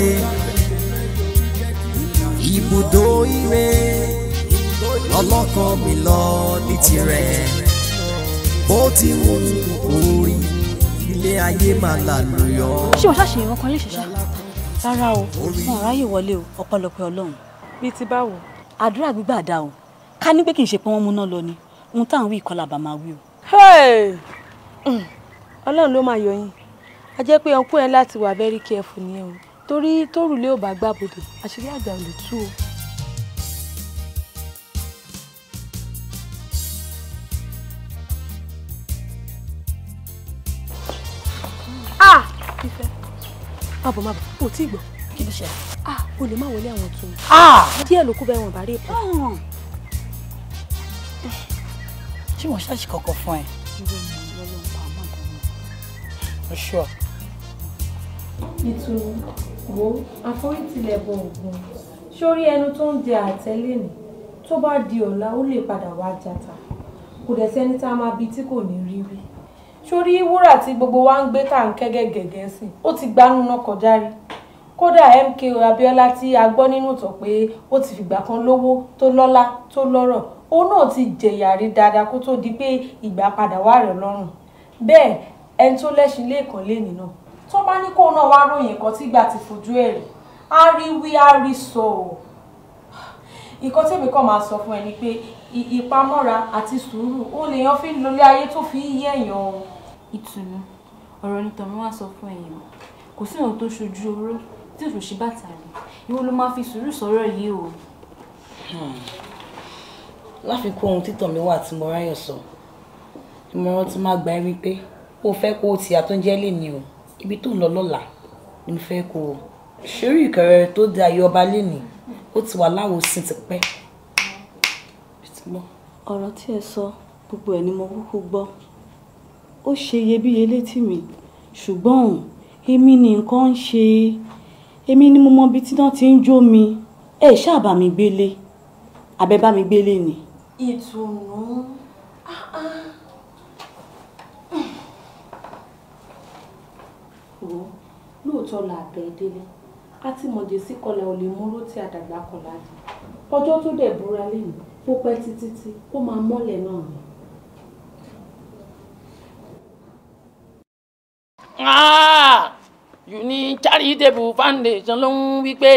ibùdó ire ọlọ́kàn mi lọ ní tirẹ̀ bó ti wù ú orí ilé ayé máa là lóyọ. ṣé wọ́n ṣàṣeyẹ wọn kan lè ṣẹṣẹ rárá o wọn ò ráyè wọlé o ọpẹ́lọpẹ́ Ọlọ́run. bíi ti báwo. àdúrà gbígbà dá o ká ní pé kì í ṣe pé wọ́n múná lọ ni ohun táwọn wí ìkọlà bá máa wí o. Mm. Ọlọ́run ló máa yọ a jẹ́ pé ọkùnrin láti wà very careful nìyẹn o torí tórùlé ò bá gbàbọdè àṣírí àgbà ò lè tú o. ah ìfẹ́ má bọ̀ má bọ̀ o ti gbọ́ kí ló ṣe ah o lè má wọlé àwọn tún ah díẹ̀ ló kú bẹ́ẹ̀ wọn bá rí èpò. Hmm. ṣé wọn ṣáàṣì kọkọ fún ẹ. o ṣọ. ìtù wo àforítìlẹ̀ bọ ògùn sórí ẹnu tó ń de àtẹ́lẹ̀ ni tó bá di ọ̀la ó lè padà wá jata kò dẹ̀ sẹ́ni tá a máa bi tí kò ní rí rí sórí wúrà tí gbogbo wa ń gbé tá ń kẹ́gẹ́ gẹ̀gẹ́ sí ó ti gbanú náà kọjá rí kódà MKO Abiola tí a gbọ́ nínú ìtàn pé ó ti fìgbà kan lówó tó lọ́lá tó lọ́rọ̀ òun náà ti jẹ̀yà rí dáadáa kó tó di pé ìgbà padà wà rẹ̀ lọ́rùn bẹ́ẹ̀ ẹni tó lẹ́sìn lẹ́ẹ̀kan lẹ́nìí náà tó bá ní kóun náà wá ròyìn nǹkan tígbà ti fojú ẹ̀ rí á rí wí á rí sọ ọ́ nǹkan tèmi kàn máa sọ fún ẹ ni pé ìpamọ́ra àti sùúrù ó lèèyàn fi ń lọlé ayé tó fi ń yẹ̀yàn o ìtùnú ọ̀rọ̀ ni tọ̀run wá sọ fún ẹ̀yin o kò sí ìhàn tó ṣojú oró tí òṣù ṣe bàtà rẹ̀ ìwọ ló máa fi sùúrù sọ̀rọ̀ yìí o. Hmm. láfikún ohun títàn mi wà tí mo ráyọ̀ sọ ìmọ̀ràn tí máa gbà ẹ́ wípé ó fẹ́ kó o ti àtúnjẹ́ lè ní o ibi tó ń lọ lọ́la ni mo fẹ́ kó o ṣeré ìkẹrẹ tó da ayé ọba lénìí ó ti wà láwòsàn tipẹ́. ọ̀rọ̀ tí ẹ sọ gbogbo ẹ̀ ni mo kúkú gbọ́ ó ṣe iyebíye létí mi ṣùgbọ́n èmi ni nǹkan ń ṣe èmi ni mo mọ ibi tí wọ́n ti ń jó mi ẹ ṣáà bá mi gbélé abẹ bá mi gbélé ni. ìtùnú lóòótọ́ la àbẹ̀ délé a ti mọ̀jẹ̀ sí kọlà ò lè múró tí àdàgbà kọlà jẹ ọjọ́ tó dẹ̀ búra lẹ́nu ó pẹ́ títí tí máa mọ́lẹ̀ náà ni. you ní charitable foundation ló ń wí pé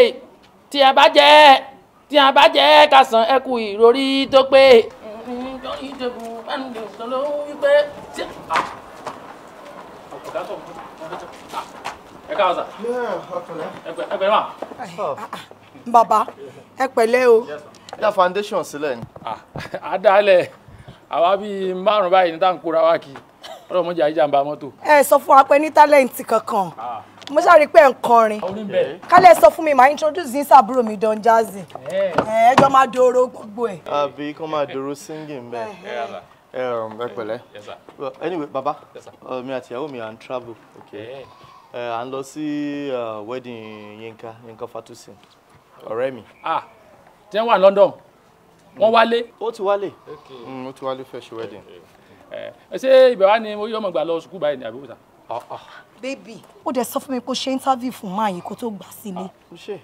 tí a bá jẹ́ tí a bá jẹ́ ká san ẹkù ìròrí tó pé bàbá ẹ pẹ̀lẹ́ o. dá foundation sílẹ̀ ni. àdálẹ̀ àwa bíi márùn-ún báyìí ní tá à ń kóra wá kiri ọlọ́mọ jẹ́ àìjàmbá mọ́tò. ẹ sọ fún wa pé ní tálẹ́ǹtì kankan ah. mo ṣàrí pé ẹ̀ ń kọrin kálẹ̀ sọ fún mi màá introduce yín sàbúrò mi Don Jazzy ẹ jọ máa dòrò gbogbo ẹ̀. àbí kó máa dòrò singing bẹ́ẹ̀ um, ẹ pẹ̀lẹ́ anyway baba uh, mi àti ìyàwó mi à ń travel à ń lọ sí uh, wedding Yinka. Yinka Fatusin ọ̀rẹ́ mi. Ah, tí wọ́n wà London wọ́n wálé. ó ti wálé mm, ó ti wálé fẹ́ ṣe wedding ẹ eh, ṣé ibẹ̀ wá ni mo yí ọmọ gbà lọ sùkúù báyìí ní àbíkúta. Ah, ah. bébì ó dẹ̀ sọ fún mi pé ó ṣe interview fún máa yìí kó tó gbà sílé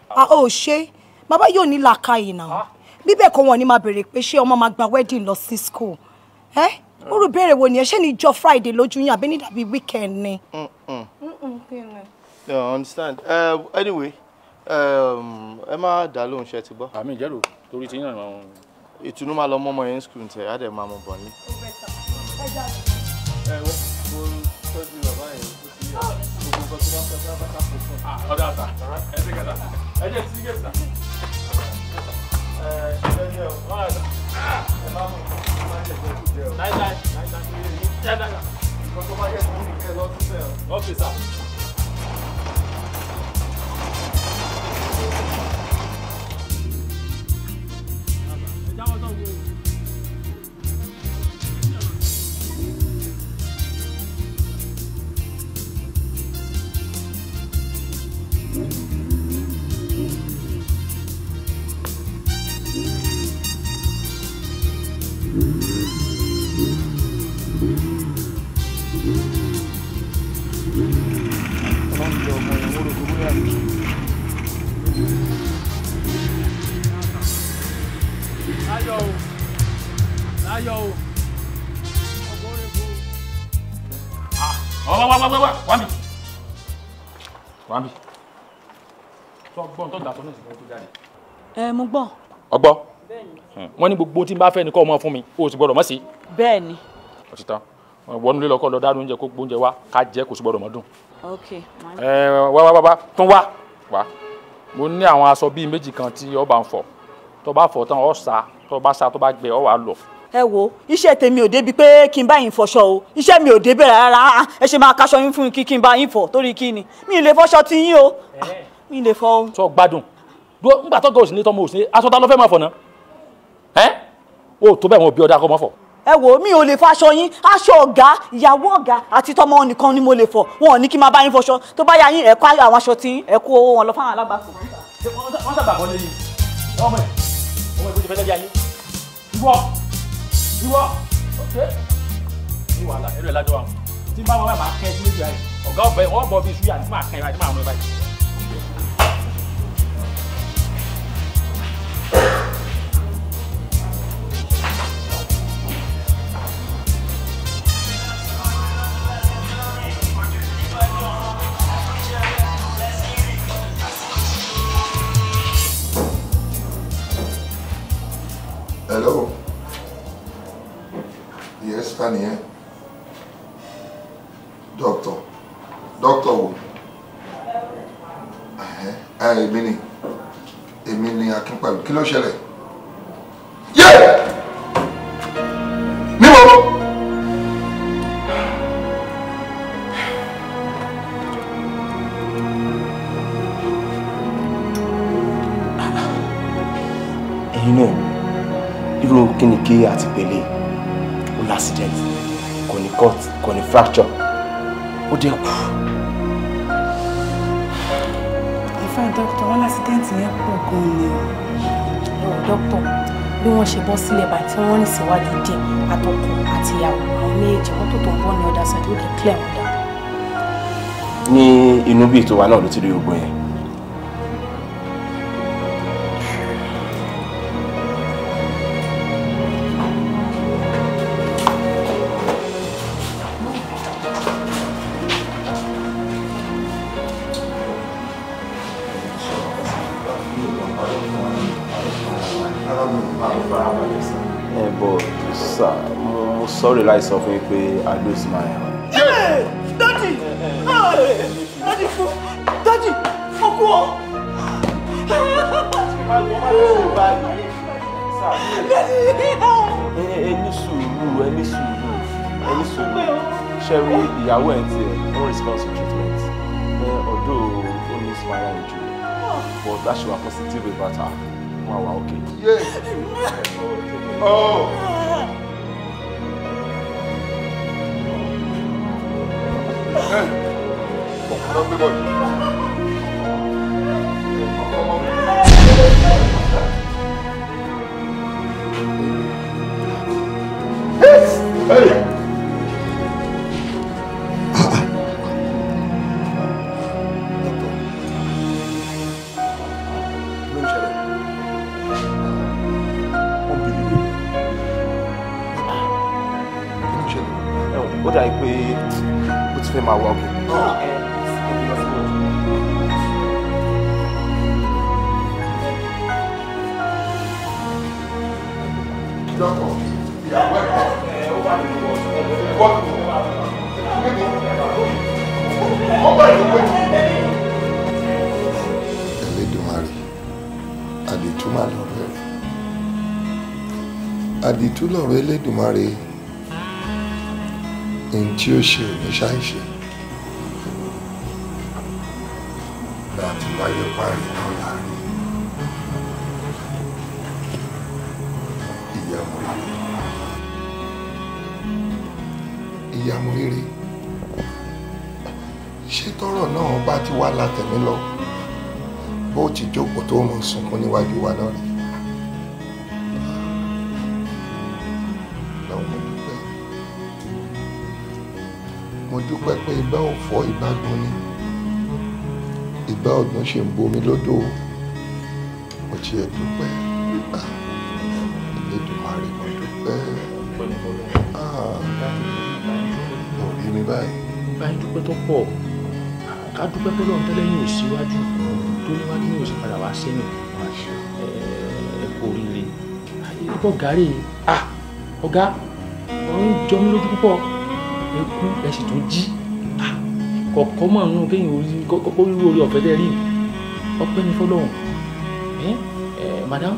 a ah, ò ṣe bàbá yóò ní làákàyè náà bíbẹ̀ kọ́ wọn ni máa béèrè pé ṣé ọmọ máa gba wedding lọ sí school eh? ẹ orú béèrè wo nìyẹn ṣé ní jọ friday lójú yín àbí ní dàbí weekend ni. Mm, mm. no understand uh, anyway um, ẹ má dá lóhùn ṣe ti gbọ́. àmì ìjẹ́rù torí ti yàn. ìtùnú máa lọ mọ́mọ́ yẹn ń skul tẹ̀ á dẹ̀ máa mọ̀ bọ̀ ní. ó bẹ̀ tán ẹ wọ́n wá wá wá wá wá mi wá mi sọ gbọ́n tó dàtọ́ náà sì fẹ́ tó jáde. ẹ mo gbọ́. ọgbọ́ wọ́n ní gbogbo tí n bá fẹ́ ni kọ́ ọmọ fún mi o ò sì gbọ́dọ̀ mọ̀ sí. bẹ́ẹ̀ ni. ó ti tán wọnú lílọ kọ́ lọ dá oúnjẹ kó gbóúnjẹ wá ká jẹ́ kò sì gbọ́dọ̀ mọ́ dùn. ok ẹ wá wá wá tún wá wá mo ní àwọn aṣọ bíi méjì kan tí ọba ń fọ tó bá fọ tán ọ sá tó bá sá tó gbẹ ọ wà lọ ẹ wo iṣẹ́ tèmi ò débi pé kí n bá yín fọṣọ o iṣẹ́ mi ò débẹ̀ rárá ah, ah, ẹ ṣe máa kaṣọ yín fún mi kí kí n bá yín fọ torí kí ni mi ì lè fọṣọ ti yín o ah, eh. mi ì lè fọ o. sọ gbádùn dúró ńgbà tó gẹ òsì ní tọmọ òsì ní aṣọ ta ló fẹ́ máa fọ̀ náà ẹ o tó bẹ́ẹ̀ wọn ò bí ọdá kọ́ máa fọ̀. ẹ wo mi ò lè fọṣọ yín aṣọ ọ̀gá ìyàwó ọ̀gá àti tọmọ nìkan ni mo lè fọ̀ wọn ò ní kí n máa bá yín fọṣọ tó bá yá yín ẹ kó àwọn aṣọ tí yín ẹ kó ìwọ ọ̀kẹ́ ẹ̀rọ ìlàjọ wa tí bá wọn bá máa kẹ́ ẹ́ sí méjì báyìí ọ̀gá ọ̀bẹ wọ́n bọ̀ bí iṣu tí máa kẹ́ ẹ báyìí tí máa mú ẹ báyìí. Hello yes ta nìyẹn doctor doctor wo ah, èmi ni èmi ni akínpàlù kí ló ṣẹlẹ̀ yé níbo. ẹ̀yin náà irú kíni kí àti pẹ̀lẹ́ ní accident kò cut kò fracture ó dẹ̀ kú. ifá dókítà wọn accident yẹn pọ̀ gan-an ni o dókítà bí wọ́n ṣe bọ́ sílẹ̀ bá tí wọ́n rìn síwájú díẹ̀ àtọkùn àti ìyàwó àwọn méjèèjì wọ́n tó tó ń bọ̀ ní ọ̀dà sàdúrà clear ọ̀dà. ní inú bíi tó wa náà ló ti rí ogun yẹn láì sọ fún yín pé adó sì máa yàn. dádì dádì fún dádì fọkú ọ. ẹ ní sùúrù ẹ ní sùúrù ẹ ní sùúrù ṣẹ́rí ìyàwó ẹ̀ tiẹ̀ no response to treatment ọ̀dọ́ ó ní smile ojú but that she was positive about her wọn wà okay. Yeah. Oh. Don't be good. lọ̀rọ̀ Elédùmarè ní tí ó ṣe òní ṣáìṣe láti wáyé parí náà láàrin ìyá Mọ́rírì ìyá Mọ́rírì ṣé tọ́rọ̀ náà bá ti wá látẹ̀mí lọ bó ti jókòó tó mọ̀ sunkún níwájú wa náà rí. dúpẹ́ pé ìgbà ò fọ́ ìgbà gbóni ìgbà ọ̀gbọ́n ṣe ń bomi lódò mo ti ẹ̀ dúpẹ́ ìgbà ah, Elédùmarè mo dúpẹ́ òbí ah, mi báyìí. báyìí dúpẹ́ tó pọ̀ ká dúpẹ́ pé lọ́run tẹ́lẹ̀ yóò síwájú tó níwájú yóò sì padà wá sẹ́yìn ẹ kò ríire. ìbọn gàárì ah, ọ̀gá ọ̀run jọ mí lójú púpọ̀ ẹkú ẹ sì tún jí ah, kọ̀ọ̀kọ́ mọ̀ nínú kéèyàn orí kọ́kọ́ rírú orí ọ̀fẹ́ tẹ́ rí ọpẹ́ ní fọlọ́hún ẹ madam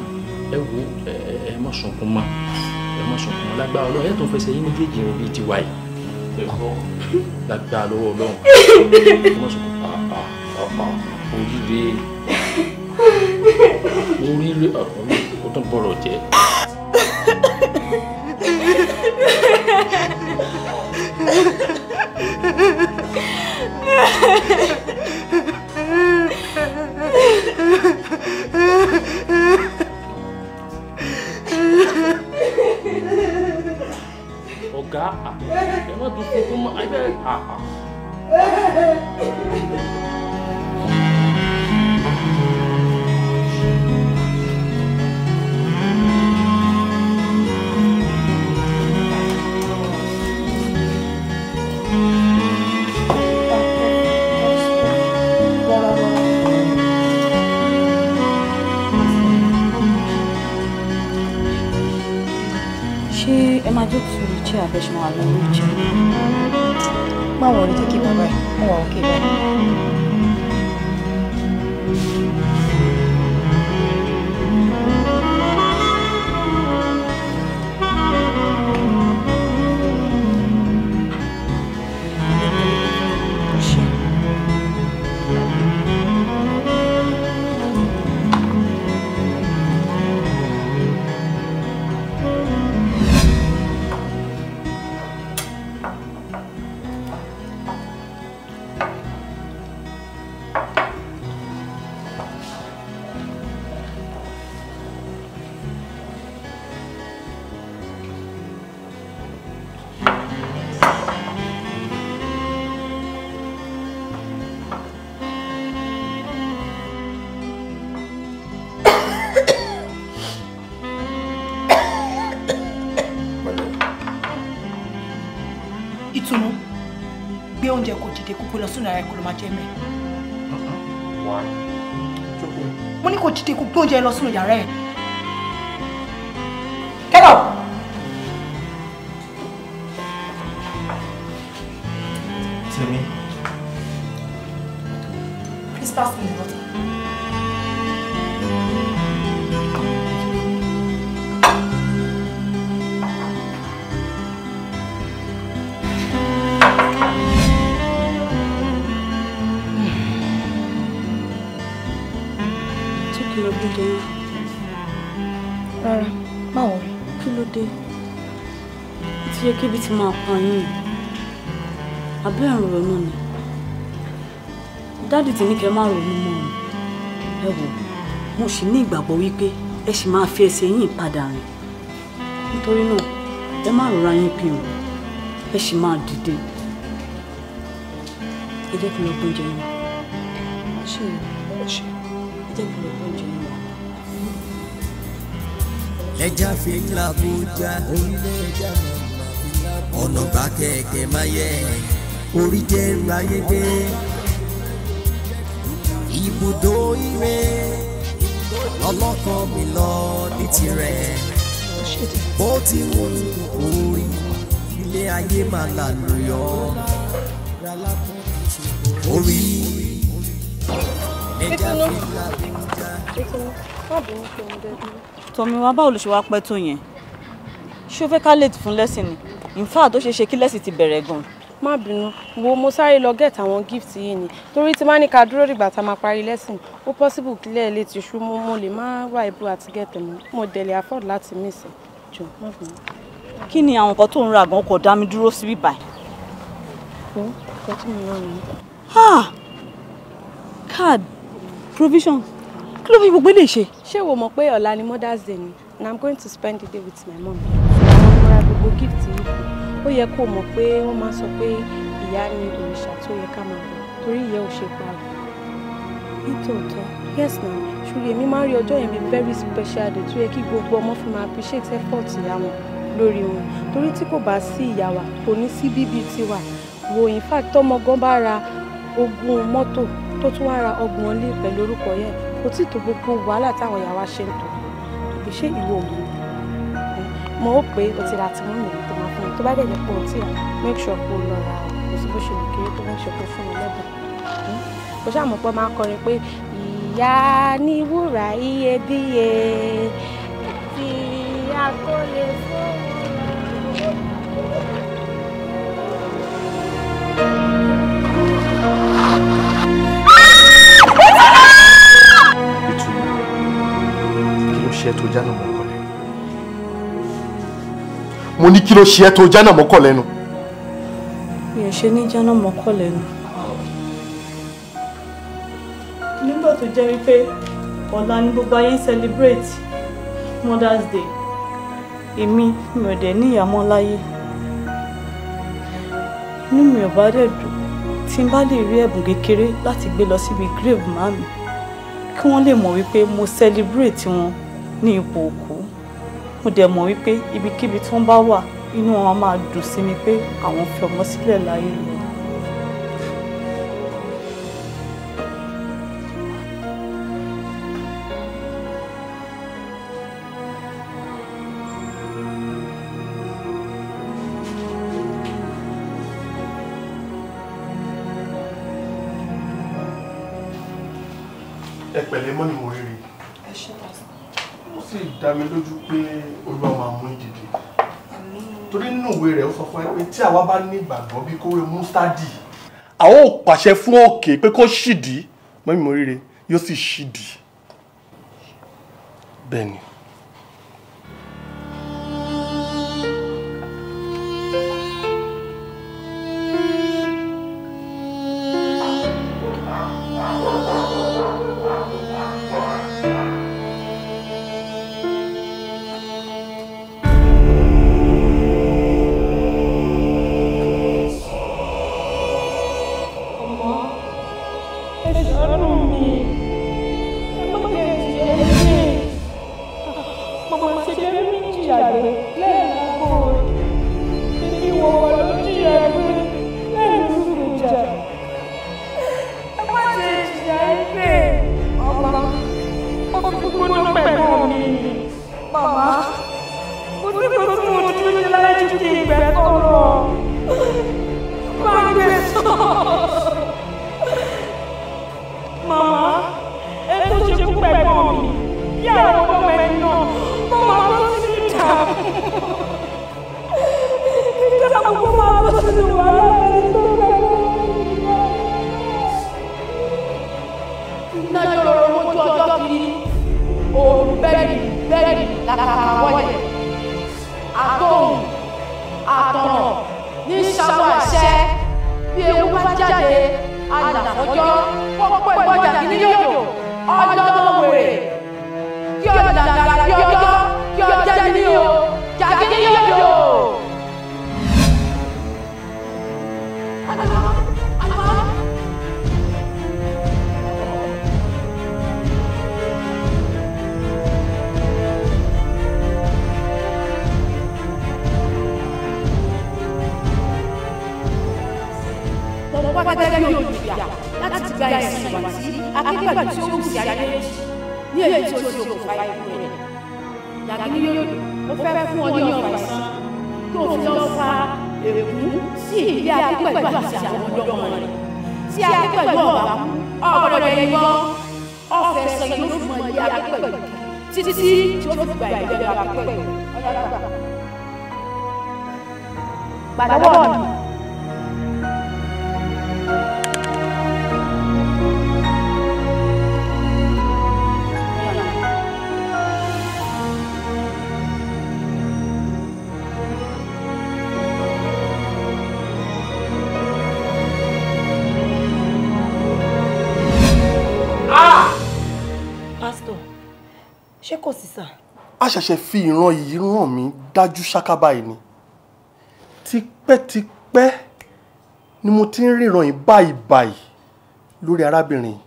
ẹ wo ẹ mọ̀ sunkún mọ́ ẹ mọ̀ sunkún mọ́ lágbára ọlọ́run ẹ tún fẹsẹ̀ yín méjèèjì rìn bíi tiwa yìí lágbára lọ́wọ́ ọlọ́run ẹ mọ̀ sunkún ah, ah, oríire oríire ọ̀tún bọ̀rọ̀ jẹ́. two naira kò ló máa jẹ́ mẹ́. mo ní kò dìde kó gbóúnjẹ lọ sínú yàrá ẹ̀. tún máa pa yín abẹ́ ẹ̀ ń ronú ni dáàdì tí ní kẹ́ má ronú mọ́ ọ ẹ wò mo sì ní ìgbàgbọ́ wípé ẹ sì máa fi ẹsẹ̀ yín padà rìn nítorí náà ẹ má rọra yín pin o ẹ sì máa dìde ẹ jẹ́ kí n lọ gbóúnjẹ yín ṣe ṣe ẹ jẹ́ kí n lọ gbóúnjẹ yín ẹja fi ọ̀nà bá kẹ̀kẹ́ máa yẹ orí jẹ́ ráyé gbé ibùdó ire ọlọ́kan mi lọ ní tirẹ̀ bó ti wù orí ilé ayé máa lànà yọ orí ẹja fi làbẹ̀jà. Tọ́míwá báwo ló ṣe wá pẹ́ tó yẹn ṣé o fẹ́ ká lè fún lẹ́sìn ni in fact ó ṣeé ṣe kí lẹ́sì ti bẹ̀rẹ̀ gan. má bínú wo mo sáré lọ get àwọn gift yìí ni torí tí má ní ká dúró dìgbà tá a máa parí lesson ó possible kí lẹ́ẹ̀ lè ti ṣú mo mo lè má wá ibú àti get mi mo dẹ̀ lè afford láti miss ẹ̀ jọ má bínú. kí ni àwọn nǹkan tó ń ra gan kò dá mi dúró síbí báyìí. ó nǹkan tí card provision kí ló fi gbogbo lè ṣe. ṣé wo mọ̀ pé ọ̀la ni mother's day ni and i'm going to spend the day with my mom gbogbo gift yìí ó yẹ kó mọ̀ pé wọ́n máa sọ pé ìyá ni òrìṣà tó yẹ ká máa bọ̀ torí ìyá ò ṣe parọ́ nítòótọ́ yes na ṣùgbọ́n èmi máa ń rí ọjọ́ yẹn mi very special day tó yẹ kí gbogbo ọmọ fi máa appreciate effort ìyá wọn lórí wọn torí tí kò bá sí ìyá wa kò ní sí bíbí tiwa wo in fact tọmọ gan bá ra ogún mọ́tò tó tún wá ra ọgbọ̀n lé pẹ̀lú orúkọ yẹn kò tí tó gbogbo wàhálà táwọn ìyá wa ṣe ń tò ìṣe ìwọ òun mo ó pé o ti ra ti mú mi tó máa fún mi tó bá dẹ̀ jẹ́ pé o ti make sure kó lọ ra kò sí bó ṣe lè kéré tó make sure kó fún mi lẹ́bùn hmm? mo ṣàmọ̀ pé máa kọrin pé ìyá ní wúrà iyebíye tí a fún Ìtumọ̀ kí ló ṣe tó já mọ́? mo ní kí ló ṣe ẹ́ tó jánà mọ́kọ̀ lẹ́nu. mi ò ṣe ní jánà mọ́kọ̀ lẹ́nu. nígbà tó jẹ́ wípé ọ̀la ni gbogbo ayé ń celebrate mother's day èmi mi ò dẹ̀ níyàmọ́ láyé inú mi ò bá dẹ̀ dùn tí n bá lè rí ẹ̀bùn kékeré láti gbé lọ síbi grave màmí kí wọ́n lè mọ̀ wípé mo celebrate wọn ní ipò òkú mo dẹ̀ mọ̀ wípé ibikíbi tí wọ́n bá wà inú wọn máa dùn sí mi pé àwọn fi ọmọ sílẹ̀ láyé mi. pé tí àwa bá ní ìgbàgbọ́ bí kórè mustadi. a ó pàṣẹ fún òkè pé kó ṣìdí mọ́mí mo ríre yóò sì ṣìdí bẹ́ẹ̀ ni. ọjọ́ pọ́pọ́ ìgbọ́jà kìíní yòyò ọjọ́ wèrè kí ọjà dàgbà kí ọjọ́ kí ọjà ní o jàkìíní yòyò. What are you gba ẹ̀sùn ìwà tí akẹ́kọ̀ọ́ tí ó wù sí ayé ní èyí tí ó ti òkùnfà ikú rẹ̀. Yàgì ní yòlò, ó fẹ́ fún ọ ní ọ̀rọ̀ ẹ̀sán tó fi lọ fa èkú sí ìdílé akẹ́kọ̀ọ́ àti àwọn ọlọ́mọ rẹ̀. Tí akẹ́kọ̀ọ́ ọ̀bà kú, ọ̀bọ̀dọ̀ rẹ̀ yọ ọ̀fẹ́ sọ yóò fún ọ ní akẹ́kọ̀ọ́ títí tí ó fi gba ìjọba akẹ́kọ̀ọ́. kò sí sà. a ṣẹ̀ṣẹ̀ fi ìran yìí ràn mí dájú ṣáká báyìí ni tipẹ́tipẹ́ ni mo ti ń ríran yìí báyìí báyìí lórí arábìnrin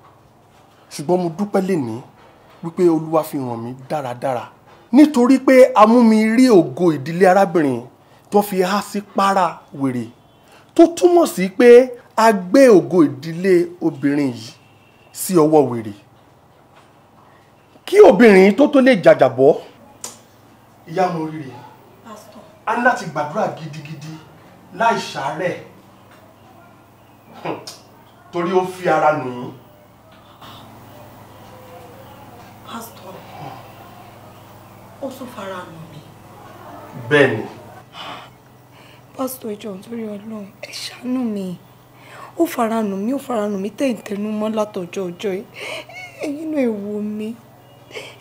ṣùgbọ́n mo dúpẹ́ lénìí wípé olúwa fi hàn mí dáradára nítorí pé amúmirí ògo ìdílé arábìnrin tó fi há sí para wèrè tó túmọ̀ sí pé a gbé ògo ìdílé obìnrin yìí sí ọwọ́ wèrè kí obìnrin tó tó lè jàjàbọ́ ìyá mo rí rè á láti gbàdúrà gidigidi láì ṣàárẹ̀ torí ó fi ara nù yín. pásítọ̀ ó tún fara nù mí. bẹ́ẹ̀ ni. pásítọ̀ ìjọ nítorí ọlọ́run ẹ ṣàánú mi ó fara nù mí ó fara nù mí tẹ̀yìntẹ̀nu mọ́ látọjọ́ ọjọ́ yìí ẹ̀yin náà ẹ wò mí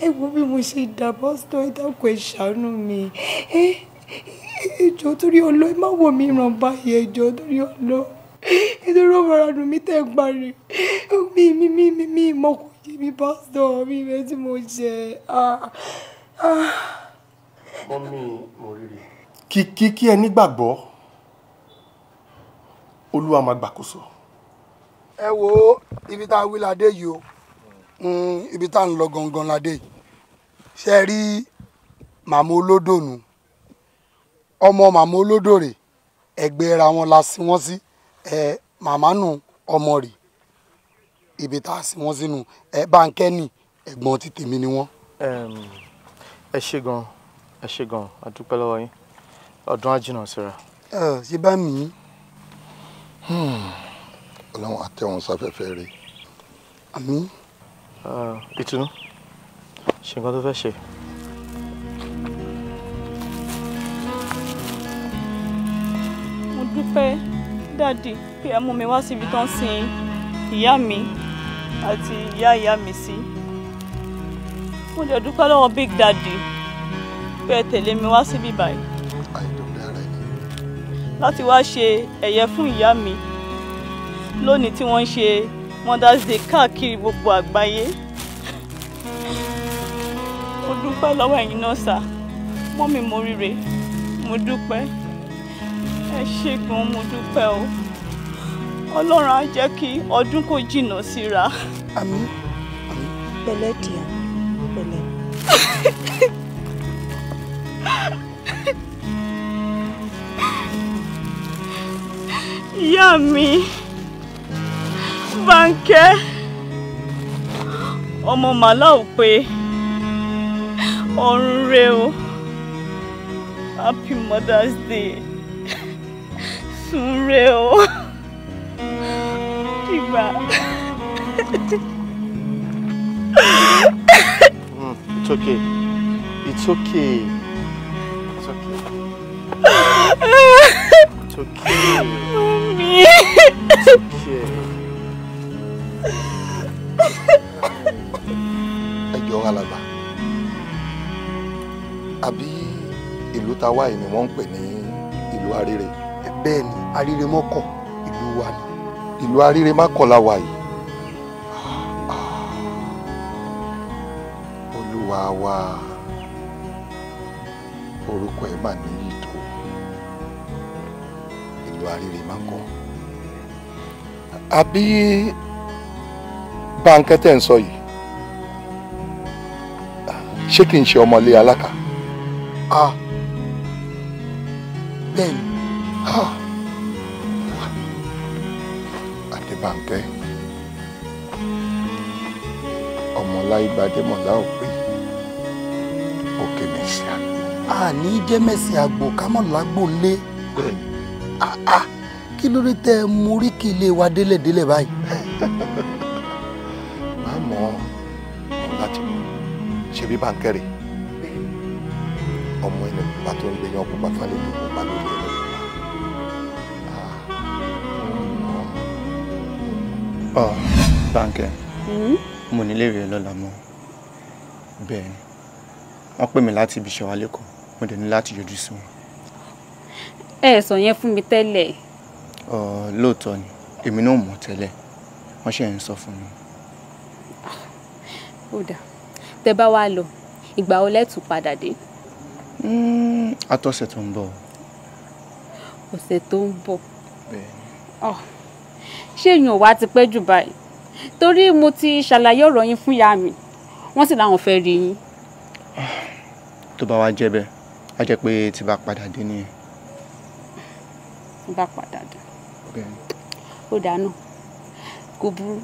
ẹ wo bí mo ṣe dà bọ́sítọ̀ ẹ dákun ẹ ṣàánú mi ẹjọ́ torí ọlọ́ ẹ má wò mí ràn báyìí ẹjọ́ torí ọlọ́ nítorí ọmọ ara mi tẹ̀ ń parí mi mi mi mi mi mọ kò yé mi pásítọ̀ mi rẹ tí mo jẹ. mọ́mí mo rírì. kí kí ẹ nígbàgbọ́ olúwa máa gbàkóso. ẹ wo ibi tá a wí ládé yìí o hmm, ibi tá a ń lọ gangan ládé yìí ṣe rí màmá olódò nù ọmọ màmá olódò rè ẹgbẹ́ ra wọn la sí wọn sí ẹ màmá nù ọmọ rè ibi tá a sí wọn sínú ẹ báńkẹ́ nì ẹ̀gbọ́n ti tèmi ni wọ́n. ẹ ṣe gan ẹ ṣe gan a dúpẹ́ lọ́wọ́ yín ọdún àjìnà síra. ẹ ṣe bá mi. Hmm. ọlọ́run àtẹ̀wọ̀n sáfẹ́fẹ́ rẹ̀. àmín. ìtùnú. Uh, ṣe nǹkan tó fẹ́ ṣe. mo dúpẹ́ dáàdì pé ẹ mú mi wá síbi tó ń sin ìyá mi àti ìyá ìyá mi sí mo jẹ́ dúpẹ́ lọ́wọ́ big daddy pé ẹ tẹ̀lé mi wá síbi báyìí láti wá ṣe ẹ̀yẹ fún ìyá mi lónìí tí wọ́n ń ṣe Mother's Day káàkiri gbogbo àgbáyé. mo dúpẹ́ lọ́wọ́ ẹ̀yin náà sà mọ́mì mo ríre mo dúpẹ́ ẹ ṣé mo dúpẹ́ o ọlọ́run á jẹ́ kí ọdún kò jìnnà síra. ìyá mi ọmọ màlá ò pé. Unreal. Happy Mother's Day. Surreal. Diba? mm, it's okay. It's okay. It's okay. It's okay. Mommy. tá a wá yìí ni wọ́n ń pè ní ìlú arére. bẹ́ẹ̀ ni arére mọ́kàn ìlú wa ni. ìlú arére mọ́kàn la wà yìí. olúwa wa orúkọ ẹ̀ mà níyì tó ìlú arére mọ́kàn. àbí báńkẹ́ tẹ̀ ń sọ yìí ṣé kì í ṣe ọmọlé alákà. ah bẹ́ẹ̀ ni ah. Adébánkẹ́ ọmọláyé gbadémọlá ò pé òkè mẹsì àgbò. a ní jẹ́ mẹ́sì àgbò kámọ́lá gbòǹlé kí ló dé tẹ mú oríkì ilé wa délẹ̀délẹ̀ báyìí. máa mọ ọ̀hún láti mú ṣe bí Bánkẹ́ rè ọmọ ẹni pupa tó ń gbé yan pupa falẹ̀ lóko. báńkẹ́ mm-hmm. mo nílé rẹ̀ lọ́la mọ́ bẹ́ẹ̀ ni wọ́n pè mí láti ibi iṣẹ́ wa lẹ́kọ̀ọ́ mo dẹ̀ ní láti yọjú sí wọn. ẹ ẹ sọ yẹn fún mi tẹ́lẹ̀. ọ lóòótọ́ ni èmi náà mọ̀ tẹ́lẹ̀ wọ́n ṣe ń sọ fún mi. ó dà tẹ bá wá lọ ìgbà wo lẹ́tù padà dé. Hmm, àtọ̀sẹ̀ tó ń bọ̀. ọ̀sẹ̀ tó ń bọ̀. bẹ́ẹ̀ ni. Ah. ṣé èèyàn wa ti pẹ́ jù báyìí torí mo ti ṣàlàyé ọ̀rọ̀ yín fún ìyá mi wọ́n sì láwọn fẹ́ rí yín. tó bá wá jẹ́ bẹ́ẹ̀ á jẹ́ pé tí bá padà dé nìyẹn. tí bá padà dé. ó dáná kò burú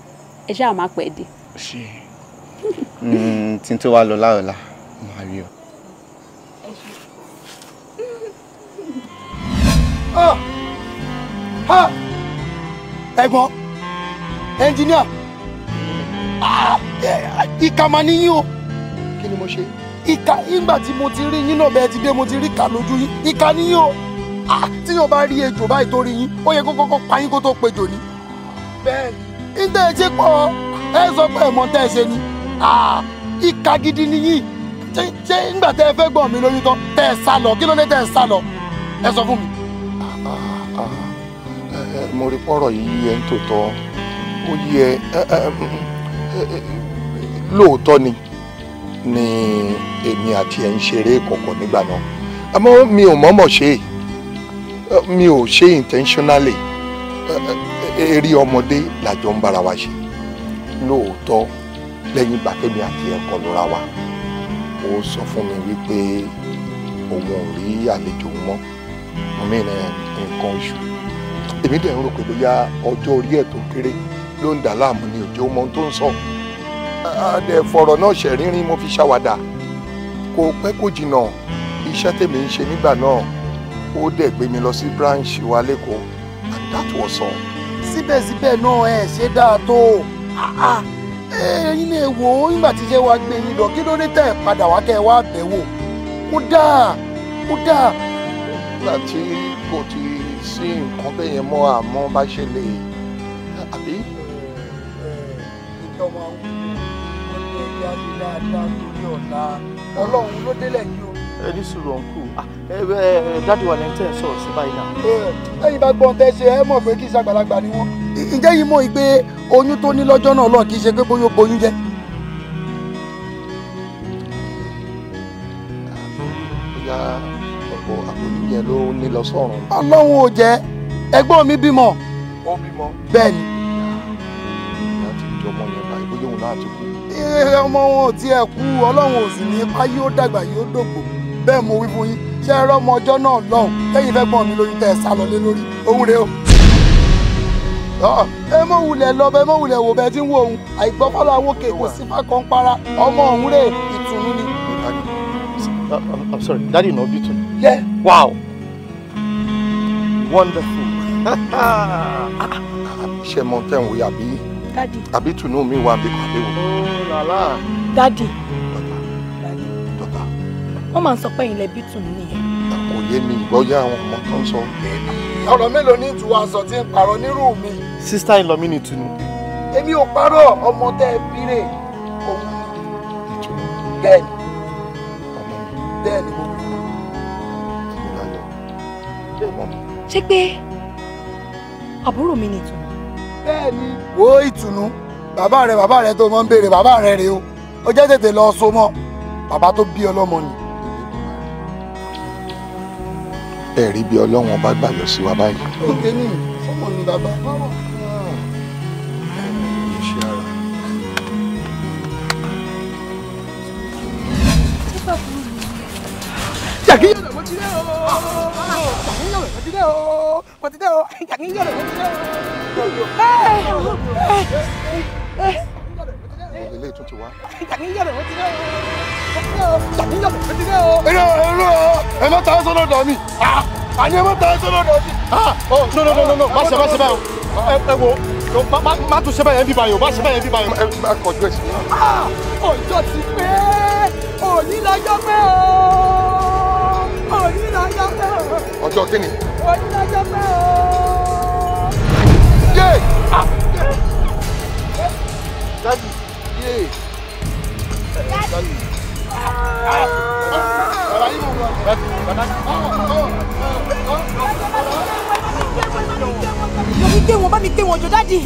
ẹ ṣáà má pẹ́ dé. Hmm, tí n tó wá lọ láọ̀la máa rí ọ. Ah! Ah! ẹ̀gbọ́n ẹnjiníà ìka máa ní yín o kí ni mo ṣe ìka ìgbà tí mo ti rí yín náà bẹ́ẹ̀ ti dé mo ti rí ìka lójú yín ìka ní yín o tí yóò bá rí ejò báyìí tó rí yín ó yẹ kó pa yín kó tó pejò ni. bẹ́ẹ̀ni ń tẹ́ ẹ ṣe pọ̀ ẹ sọ pé ẹ̀mọ́ tẹ́ ẹ ṣe ni ìka gidi ni yín ṣé ńgbà tẹ́ ẹ fẹ́ gbọ́n mi lóyún tán tẹ́ ẹ sá lọ kí ló dé tẹ́ ẹ sá lọ ẹ sọ fún mi. mo rí pọ́rọ̀ yìí yẹ ń ó yẹ lóòótọ́ ni ni èmi àti ẹ̀ ń ṣeré kọ̀kọ̀ nígbà náà àmọ́ mi ò mọ̀ọ́mọ̀ ṣe é mi ò ṣe intentionally eré ọmọdé làjọ ń bára wa ṣe lóòótọ́ lẹ́yìn ìgbà tẹ́mi àti ẹ̀ kọ lóra wa ó sọ fún mi wípé òun ò rí àlejò mọ́ mo mí nǹkan oṣù èmi dẹ̀ ń rò pé bóyá ọjọ́ orí ẹ̀ tó kéré ló ń dà láàmú ni òjò mọ ohun tó ń sọ adẹ fọ̀rọ̀ náà ṣẹ̀rínrín mo fi ṣàwàdà kò pẹ́ kò jìnnà iṣẹ́ tèmi ń ṣe nígbà náà ó dẹ̀ gbé mi lọ sí branch wa lẹ́kọ̀ọ́ àdàtú ọ̀sán. síbẹ̀síbẹ̀ náà ẹ ṣe dáa tó ah, ah. ẹ̀yin lè wò ó nígbà tí iṣẹ́ wa gbé yín lọ kí ló dé tẹ̀ padà wá kẹ́ wá bẹ̀ wò ó dáa ó dáa. nígbà tí kò ti sí nǹkan bẹ́yẹn mọ́ àmọ́ bá ṣe lè àbí ọmọ àwọn ọmọ ní ẹgbẹ́ adé lórí ọ̀la ọlọ́run ló délẹ̀ yìí o. ẹ ní sùúrù ọ̀nkù ah, dáàdì wà lẹ́ńtẹ́ sọ̀rọ̀ sí báyìí náà. ẹ̀yin bá gbọ́n tẹ́ ṣe ẹ mọ̀ pé kì í ṣàgbàlagbà ni wọ́n. ǹjẹ́ yìí mọ̀ pé oyún tó ní lọ́jọ́ náà lọ́ọ̀ kì í ṣe pé bóyá ó jẹ́. bóyá ọ̀pọ̀ àbóyún yẹn ló ní lọ sọ́run. ọlọ́run ò jẹ́ ẹgbọ́n mi bímọ. ó bímọ. bẹ́ẹ̀ ni máa ẹ ọmọ wọn ò tiẹ̀ kú ọlọ́run ò sì ní ipa yóò dàgbà yóò dògbò bẹ́ẹ̀ mo wí fún yín ṣé ẹ rọ́mọ ọjọ́ náà lọ́hùn lẹ́yìn fẹ́ gbọ́n mi lóyún tẹ́ sá lọ lé lórí òun rèé o. ẹ mọ wulẹ̀ lọ bẹ mọ wulẹ̀ wò bẹ tí ń wo òun àìgbọ́fọ́lá wókè kò sí fákan para ọmọ òun rèé ìtùnú ni. I'm sorry, Daddy no bitu. Yeah. Wow. Wonderful. Ṣé mo tẹ̀ ń wo dadi. àbí tùnú mi wà bí kò àbí wò. làlá. dadi. bàbá dadi. bàbá. wọ́n máa ń sọ pé ẹ̀yin lẹ bí tùnú nìyẹn. kò yé mi ìgbọ́yà àwọn ọmọ tó ń sọ bẹ́ẹ̀ ni. ọ̀rọ̀ mélòó ní ìtura sọ tí ń parọ́ nírú mi. sísá ìlọ mi ni tùnú. èmi ò parọ́ ọmọ tẹ́ ẹ bírè òun ni. ìtùnú. bẹ́ẹ̀ ni bẹ́ẹ̀ ni mo bí ṣé pé àbúrò mi nìtún bẹ́ẹ̀ ni. wo ìtùnú bàbá rẹ bàbá rẹ tó mọ ń béèrè bàbá rẹ rè o ó jẹ́ tètè lọ so mọ́ bàbá tó bí ọlọ́mọ ni. ẹ̀rí bí ọlọ́wọ́n bá gbà lọ sí wa báyìí. òkè ni sọ́mọ ni bàbá bá wà. jàkíyàn lọ́wọ́ ti dé o. jàkíyàn lọ́wọ́ ti dé o kò ti dẹ́ o ìjà kì í yọ̀rọ̀ kò ti dẹ́ o. ilé tún ti wá. ìjà kì í yọ̀rọ̀ kò ti dẹ́ o. ìjà kì í yọ̀rọ̀ kò ti dẹ́ o. ẹ ẹ ẹ ẹ mẹ́ta ẹ sọ́dọ̀ dọ̀ mi àní ẹ mẹ́ta ẹ sọ́dọ̀ dọ̀ mi. no no no no má ṣe má ṣe báyìí ẹ wo má tún ṣe báyìí ẹ bí báyìí o má ṣe báyìí ẹ bí báyìí o. ẹ má kọjú ẹ sí. ọjọ́ ti pé òní lọ́jọ́ pé o òní lọ́jọ́ pé o. ọjọ́ kí ni onílọ́jọ́ pẹ́ o. yé dadi yé dadi. Bá mi gbé wọn jọ dádì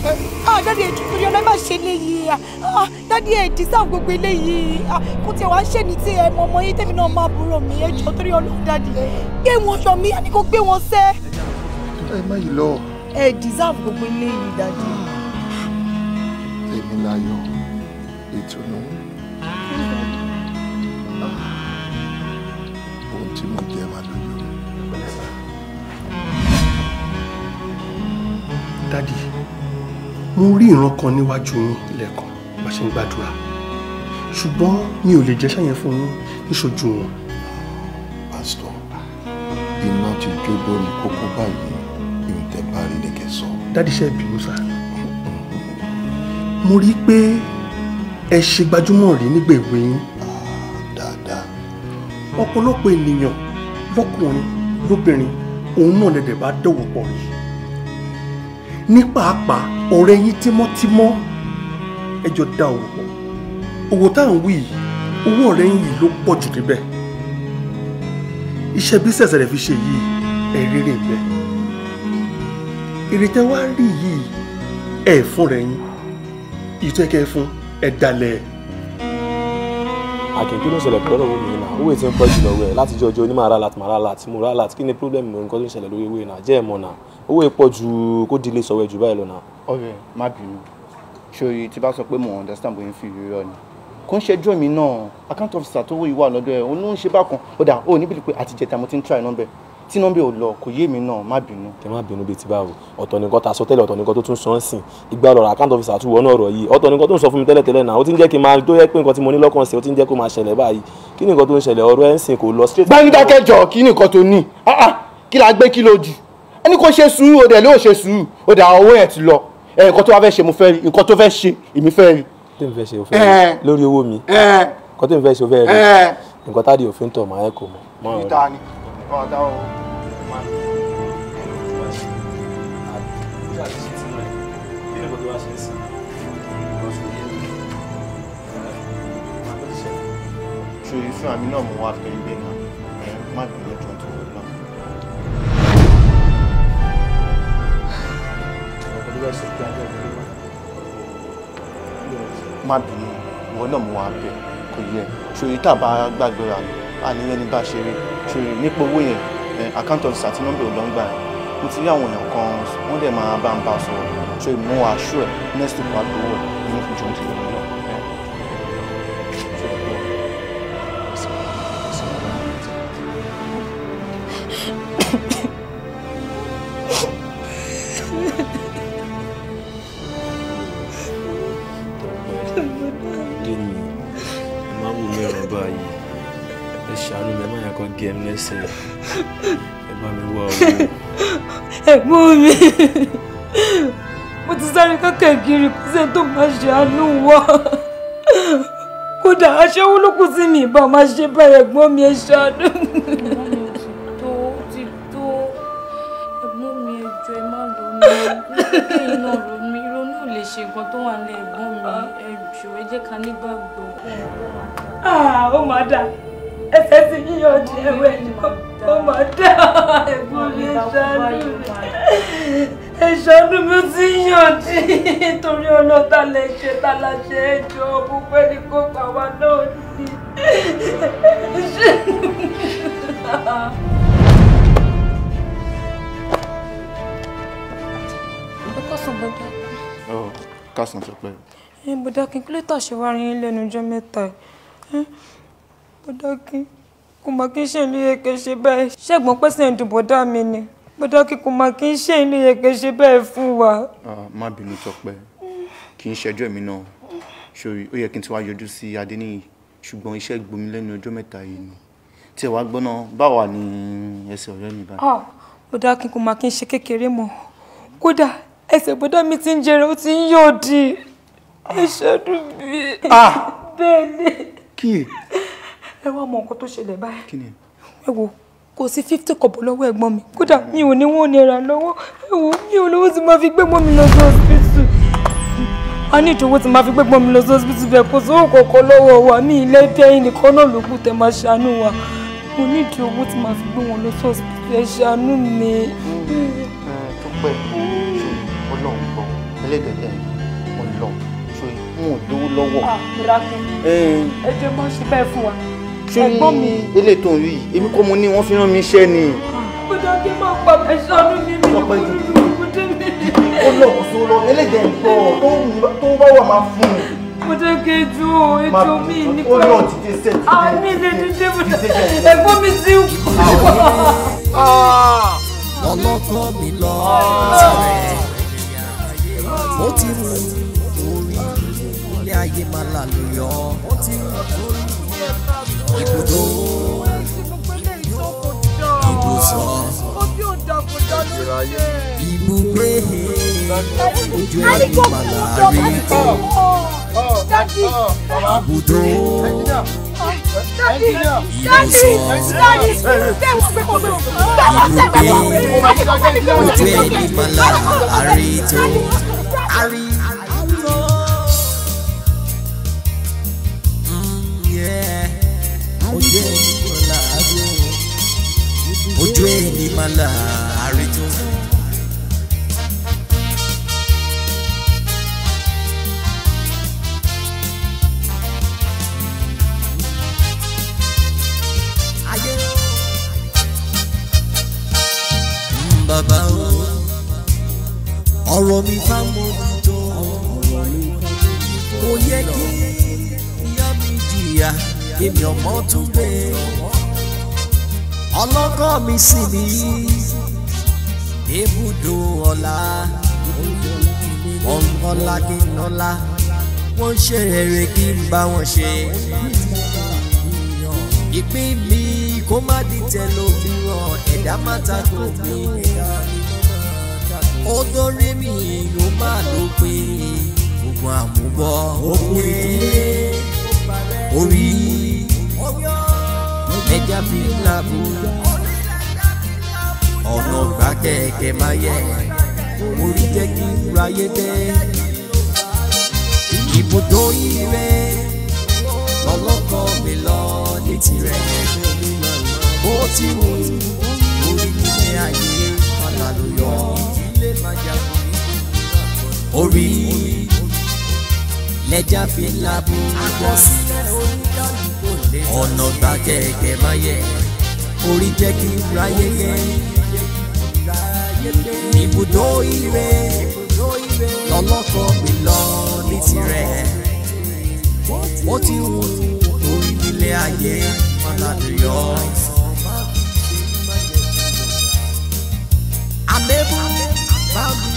eléyìí ah, dádì ẹ̀ dísà gbogbo eléyìí ah, kò tiẹ̀ wá ṣe ní tí ẹ mọ ọmọ yín tèmi náà máa búrò mi ẹ jọ torí ọlọ́run dádì gbé wọn yọ mí àní kò gbé wọn sẹ́. ẹ má yìí lọ. ẹ dísà gbogbo eléyìí dádì. èmi láyọ̀. mo rí ìran kan níwájú yín lẹ́ẹ̀kan bá ṣe ń gbàdúrà ṣùgbọ́n mi ò lè jẹ́ ṣàyẹn fún yín níṣojú wọn. pásítọ̀ iná ti jó lórí kókó báyìí ìrùntẹ́ bá rí lẹ́kẹ̀ sọ. dádìṣẹ́ bínú sá mo rí i pé ẹ ṣe gbajúmọ̀ rí nígbà èwe yín. dáadáa. ọ̀pọ̀lọpọ̀ ènìyàn lọ́kùnrin lóbìnrin òun náà lẹ̀dẹ̀ bá dọ̀wọ̀ pọ̀ rí ní pàápàá ọ̀rẹ́ yín tímọ́tímọ́ ẹ jọ da òwò pọ̀ òwò tá à ń wí yìí owó ọ̀rẹ́ yín yìí ló pọ̀ jù níbẹ̀ iṣẹ́ bísẹ̀sẹ̀ rẹ̀ fi ṣe yìí ẹ̀ rere bẹ́ẹ̀ èrè tẹ́ wá rí yìí ẹ̀ fún rẹ̀ yín ìtẹ́kẹ́ fún ẹ̀ dalẹ̀ ẹ̀ àkìnkí ló ṣẹlẹ̀ pẹ̀lú owó mi náà owó ètò ń pẹ́ jùlọ rẹ̀ láti jọjọ onímọ̀ ara láti mọ̀ ara kí ni pírọ́blẹ́mù nǹkan tó ń ṣẹlẹ̀ lórí owó náà jẹ́ ẹ̀mọ́ náà owó epo ju kó dilé sọ̀wẹ́ jù báyìí lọ náà. ọ̀rẹ́ má bínú ṣòye tí bá sọ pé mo understand bóyá fi ìrírí ọ ni kò ń ṣẹjú mi náà account officer tó wọ ìwà lọ́dọ̀ ẹ̀ òun ló ń ṣe bákan ó dà ó níbi pé àtijẹta mo ti ń try number. tí number ò lọ kò yé mi náà má bínú. ẹ má bínú bíi ti báwo ọ̀tọ̀ nìkan ta sọ tẹ́lẹ̀ ọ̀tọ̀ nìkan tó tún sọ ń sìn ìgbà ọ̀rọ̀ account officer tún wọnú ọ̀rọ̀ yìí ọ̀tọ̀ nìkan tó ń sọ fún mi tẹ́lẹ̀ tẹ́lẹ̀ náà ó ti ń jẹ́ kí n máa tó yẹ pé nǹkan tí mo ní lọ́kàn sí ó ti ń jẹ́ kó máa ṣẹlẹ̀ báyìí kí ni nǹkan tó ń ṣẹlẹ̀ ọ̀rọ̀ ẹ̀ ń sìn kò lọ. gbẹ́ńdákẹ́jọ kí ni tó ní ah, ah, kí la gbé kí ló jù ẹni kò ṣe sùúrù ó dẹ̀ ló ṣe sùúrù ó dẹ̀ àwọn owó yẹn ti lọ ẹ nǹkan tó wá fẹ́ ṣe mo fẹ́ rí nǹkan tó fẹ́ ṣe èmi fẹ́ rí. tí mo fẹ́ ṣe o fẹ́ rí lórí owó mi nǹkan tí mo fẹ́ ṣe o fẹ́ rí nǹkan tá di òfin tọ̀ máa ẹ̀ kò mọ̀. níta àmì náà mo wá fẹ́ gbé náà má bínú ẹsẹ̀ kí ajọ́ mi wá. má bínú ìwọ náà mú wa bẹ kò yẹ ṣòyí tàbá gbàgbé ra lọ àníyàn ní bá ṣe rí ṣòyí nípa owó yẹn account officer àti nọ́mbà òlọ́ngbà yẹn mo ti rí àwọn èèyàn kan wọ́n dẹ̀ máa bá ń bá sọ̀rọ̀ ṣòyí mú wa ṣú ẹ̀ next week wá gbowó ẹ̀ ní ìfúnjọ́ ti lọ́wọ́ jẹ mí lẹ́sẹ̀ ẹ bá mi wá owó. ẹ̀gbọ́n mi mo ti sáré kẹ́kẹ́ kiri kó sẹ́ni tó máa ṣe àánú wá kódà aṣẹ́wó ló kù sí mi ìbá máa ṣe báyìí ẹ̀gbọ́n mi ẹ̀ ṣáájú. ṣe nǹkan tó wà ní ẹ̀gbọ́n mi ẹ̀jọ̀ ẹ jẹ́ ká nígbàgbọ́. Ah, ó máa dáa ẹsẹ̀ sí yíyọ ọdún ẹ̀wẹ̀ ó mà dá ẹ̀gbọ́n mi ṣáájú mi ẹ̀ṣọ́nú mi ti ń yànjú torí ọlọ́ta lè ṣe tàlàṣẹ ẹjọ́ púpẹ́ ní kó pàwá náà ní. kásán bọ́dá. ọ kásán tó pẹ́. ẹ bọ́dá kí n kí ló tàṣe wá rí lẹ́nu ọjọ́ mẹ́ta ẹ bọ́dákì kò mà kí n ṣe ìlú yẹ kẹ ṣe báyìí ṣẹ́gbọ́n pẹ́sẹ̀ ń dùbọ̀ dá mi ni bọ́dákì kò mà kí n ṣe ìlú yẹ kẹ ṣe báyìí fún wa. má bínú Tọ́pẹ́ kì í ṣẹjọ́ mi náà sórí ó yẹ kí n ti wá yọjú sí Adéníyì ṣùgbọ́n iṣẹ́ gbomi lẹ́nu ọjọ́ mẹ́ta yìí ni tí ẹ wá gbọ́ná báwa ni ẹsẹ̀ ọ̀rẹ́ mi bá. bọ́dákì kò mà kí n ṣe kékeré mọ́ kódà ẹsẹ̀ bọ́dá mi ti ń jẹrẹ ó ti ń yọ̀ di ẹ̀ṣọ́dún bíi ah! bẹ́ẹ̀ ni. kí ẹ wá mọ nǹkan tó ṣẹlẹ̀ báyìí. kí ni. ẹ wo kò sí fifty kọ̀bọ̀ lọ́wọ́ ẹ̀gbọ́n mi kódà mi ò ní wọ́n naira lọ́wọ́ ẹ wo mi ò lówó tí máa fi gbẹ́gbọ́n mi lọ sí hospital a ní ìdánwò tí máa fi gbẹ́gbọ́n mi lọ sí hospital bẹ́ẹ̀ kò sówó kọ̀ọ̀kan lọ́wọ́ wa mi ilé tẹ́yìn nìkan náà ló kù tẹ́ máa ṣàánú wa mo ní ìdánwò tí máa fi gbé wọn lọ sí hospital ẹ ṣàánú mi. tó pẹ́ ọlọ́run gbọ́ ah, ṣe ń lówó sórí ilé tó ń rí yìí èmi kọ́ mo ní wọ́n fi rán mi iṣẹ́ ni. kódà kí n máa pa ẹ̀sánú ní mi ní kúndùkúndù mi. ó lọ kó lọ ẹlẹ́dẹ̀ ń bọ̀ tó bá wà máa fún un. mo tẹ́ kí ètò ètò mi ní pẹ́. ó lọ ti dé sẹ́ẹ̀tì. àmì lè dìde mo tẹ ẹ̀gbọ́n mi ti ń kú. Ah. ọlọ́kọ̀ mi lọ sọ̀rọ̀ ti rú orí ilé ayé máa là lóyọ̀ mo ti rú orí ibùdó ibùsọ̀ ibùgbé ojú àgbàlá rí tọ́ ibùdó ibùsọ̀ ibùgbé ojú àgbàlá rí tọ́. Jane Imala àrètò. Bàbá o, ọ̀rọ̀ mi bá mo dùn tó, kò yẹ kí ìyá mi jìyà, èmi ọmọ tún gbé ọlọ́kọ̀ mi sì ní ibùdó ọ̀la wọ́n ń kọ́lá kí n lọ́lá wọ́n ń ṣe rere kí n bá wọn ṣe. ìpín mi kó má di tẹ̀lé òmíràn ẹ̀dá má ta kò mí. ó dórí mi ló má ló pé ogun àmúbọ̀ ó pé orí ẹja fi bu. ọ̀nà gbà kẹ̀kẹ́ máa yẹ orí jẹ́ kí ráyé dẹ́ ibùdó ire lọ́lọ́kọ̀ mi lọ ní tirẹ̀ bó ti wù orí ilé ayé ọ̀là ló yọ orí lẹ́jà fi làbújá sí ọ̀nà gbàjẹ́ ẹ̀kẹ́ máyẹ̀ orí jẹ́ kí n ráyé yẹ ibùdó ire lọ́lọ́kọ̀ mi lọ ní tirẹ̀ mo ti wù orí nílé ayé mọ́ládùyọ́. àlébù bá mi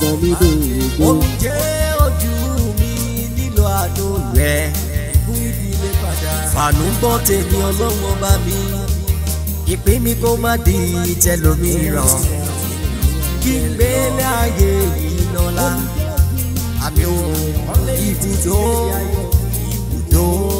dùn òye oúnjẹ ojú mi nílò àdó rẹ̀ fàánú gbọ́ tèmi ọlọ́wọ́ bá mi ìpín mi kó má di ìtẹlòmíràn kí n gbélé ayé yìí lọ́la àbí òun ibùdó ibùdó.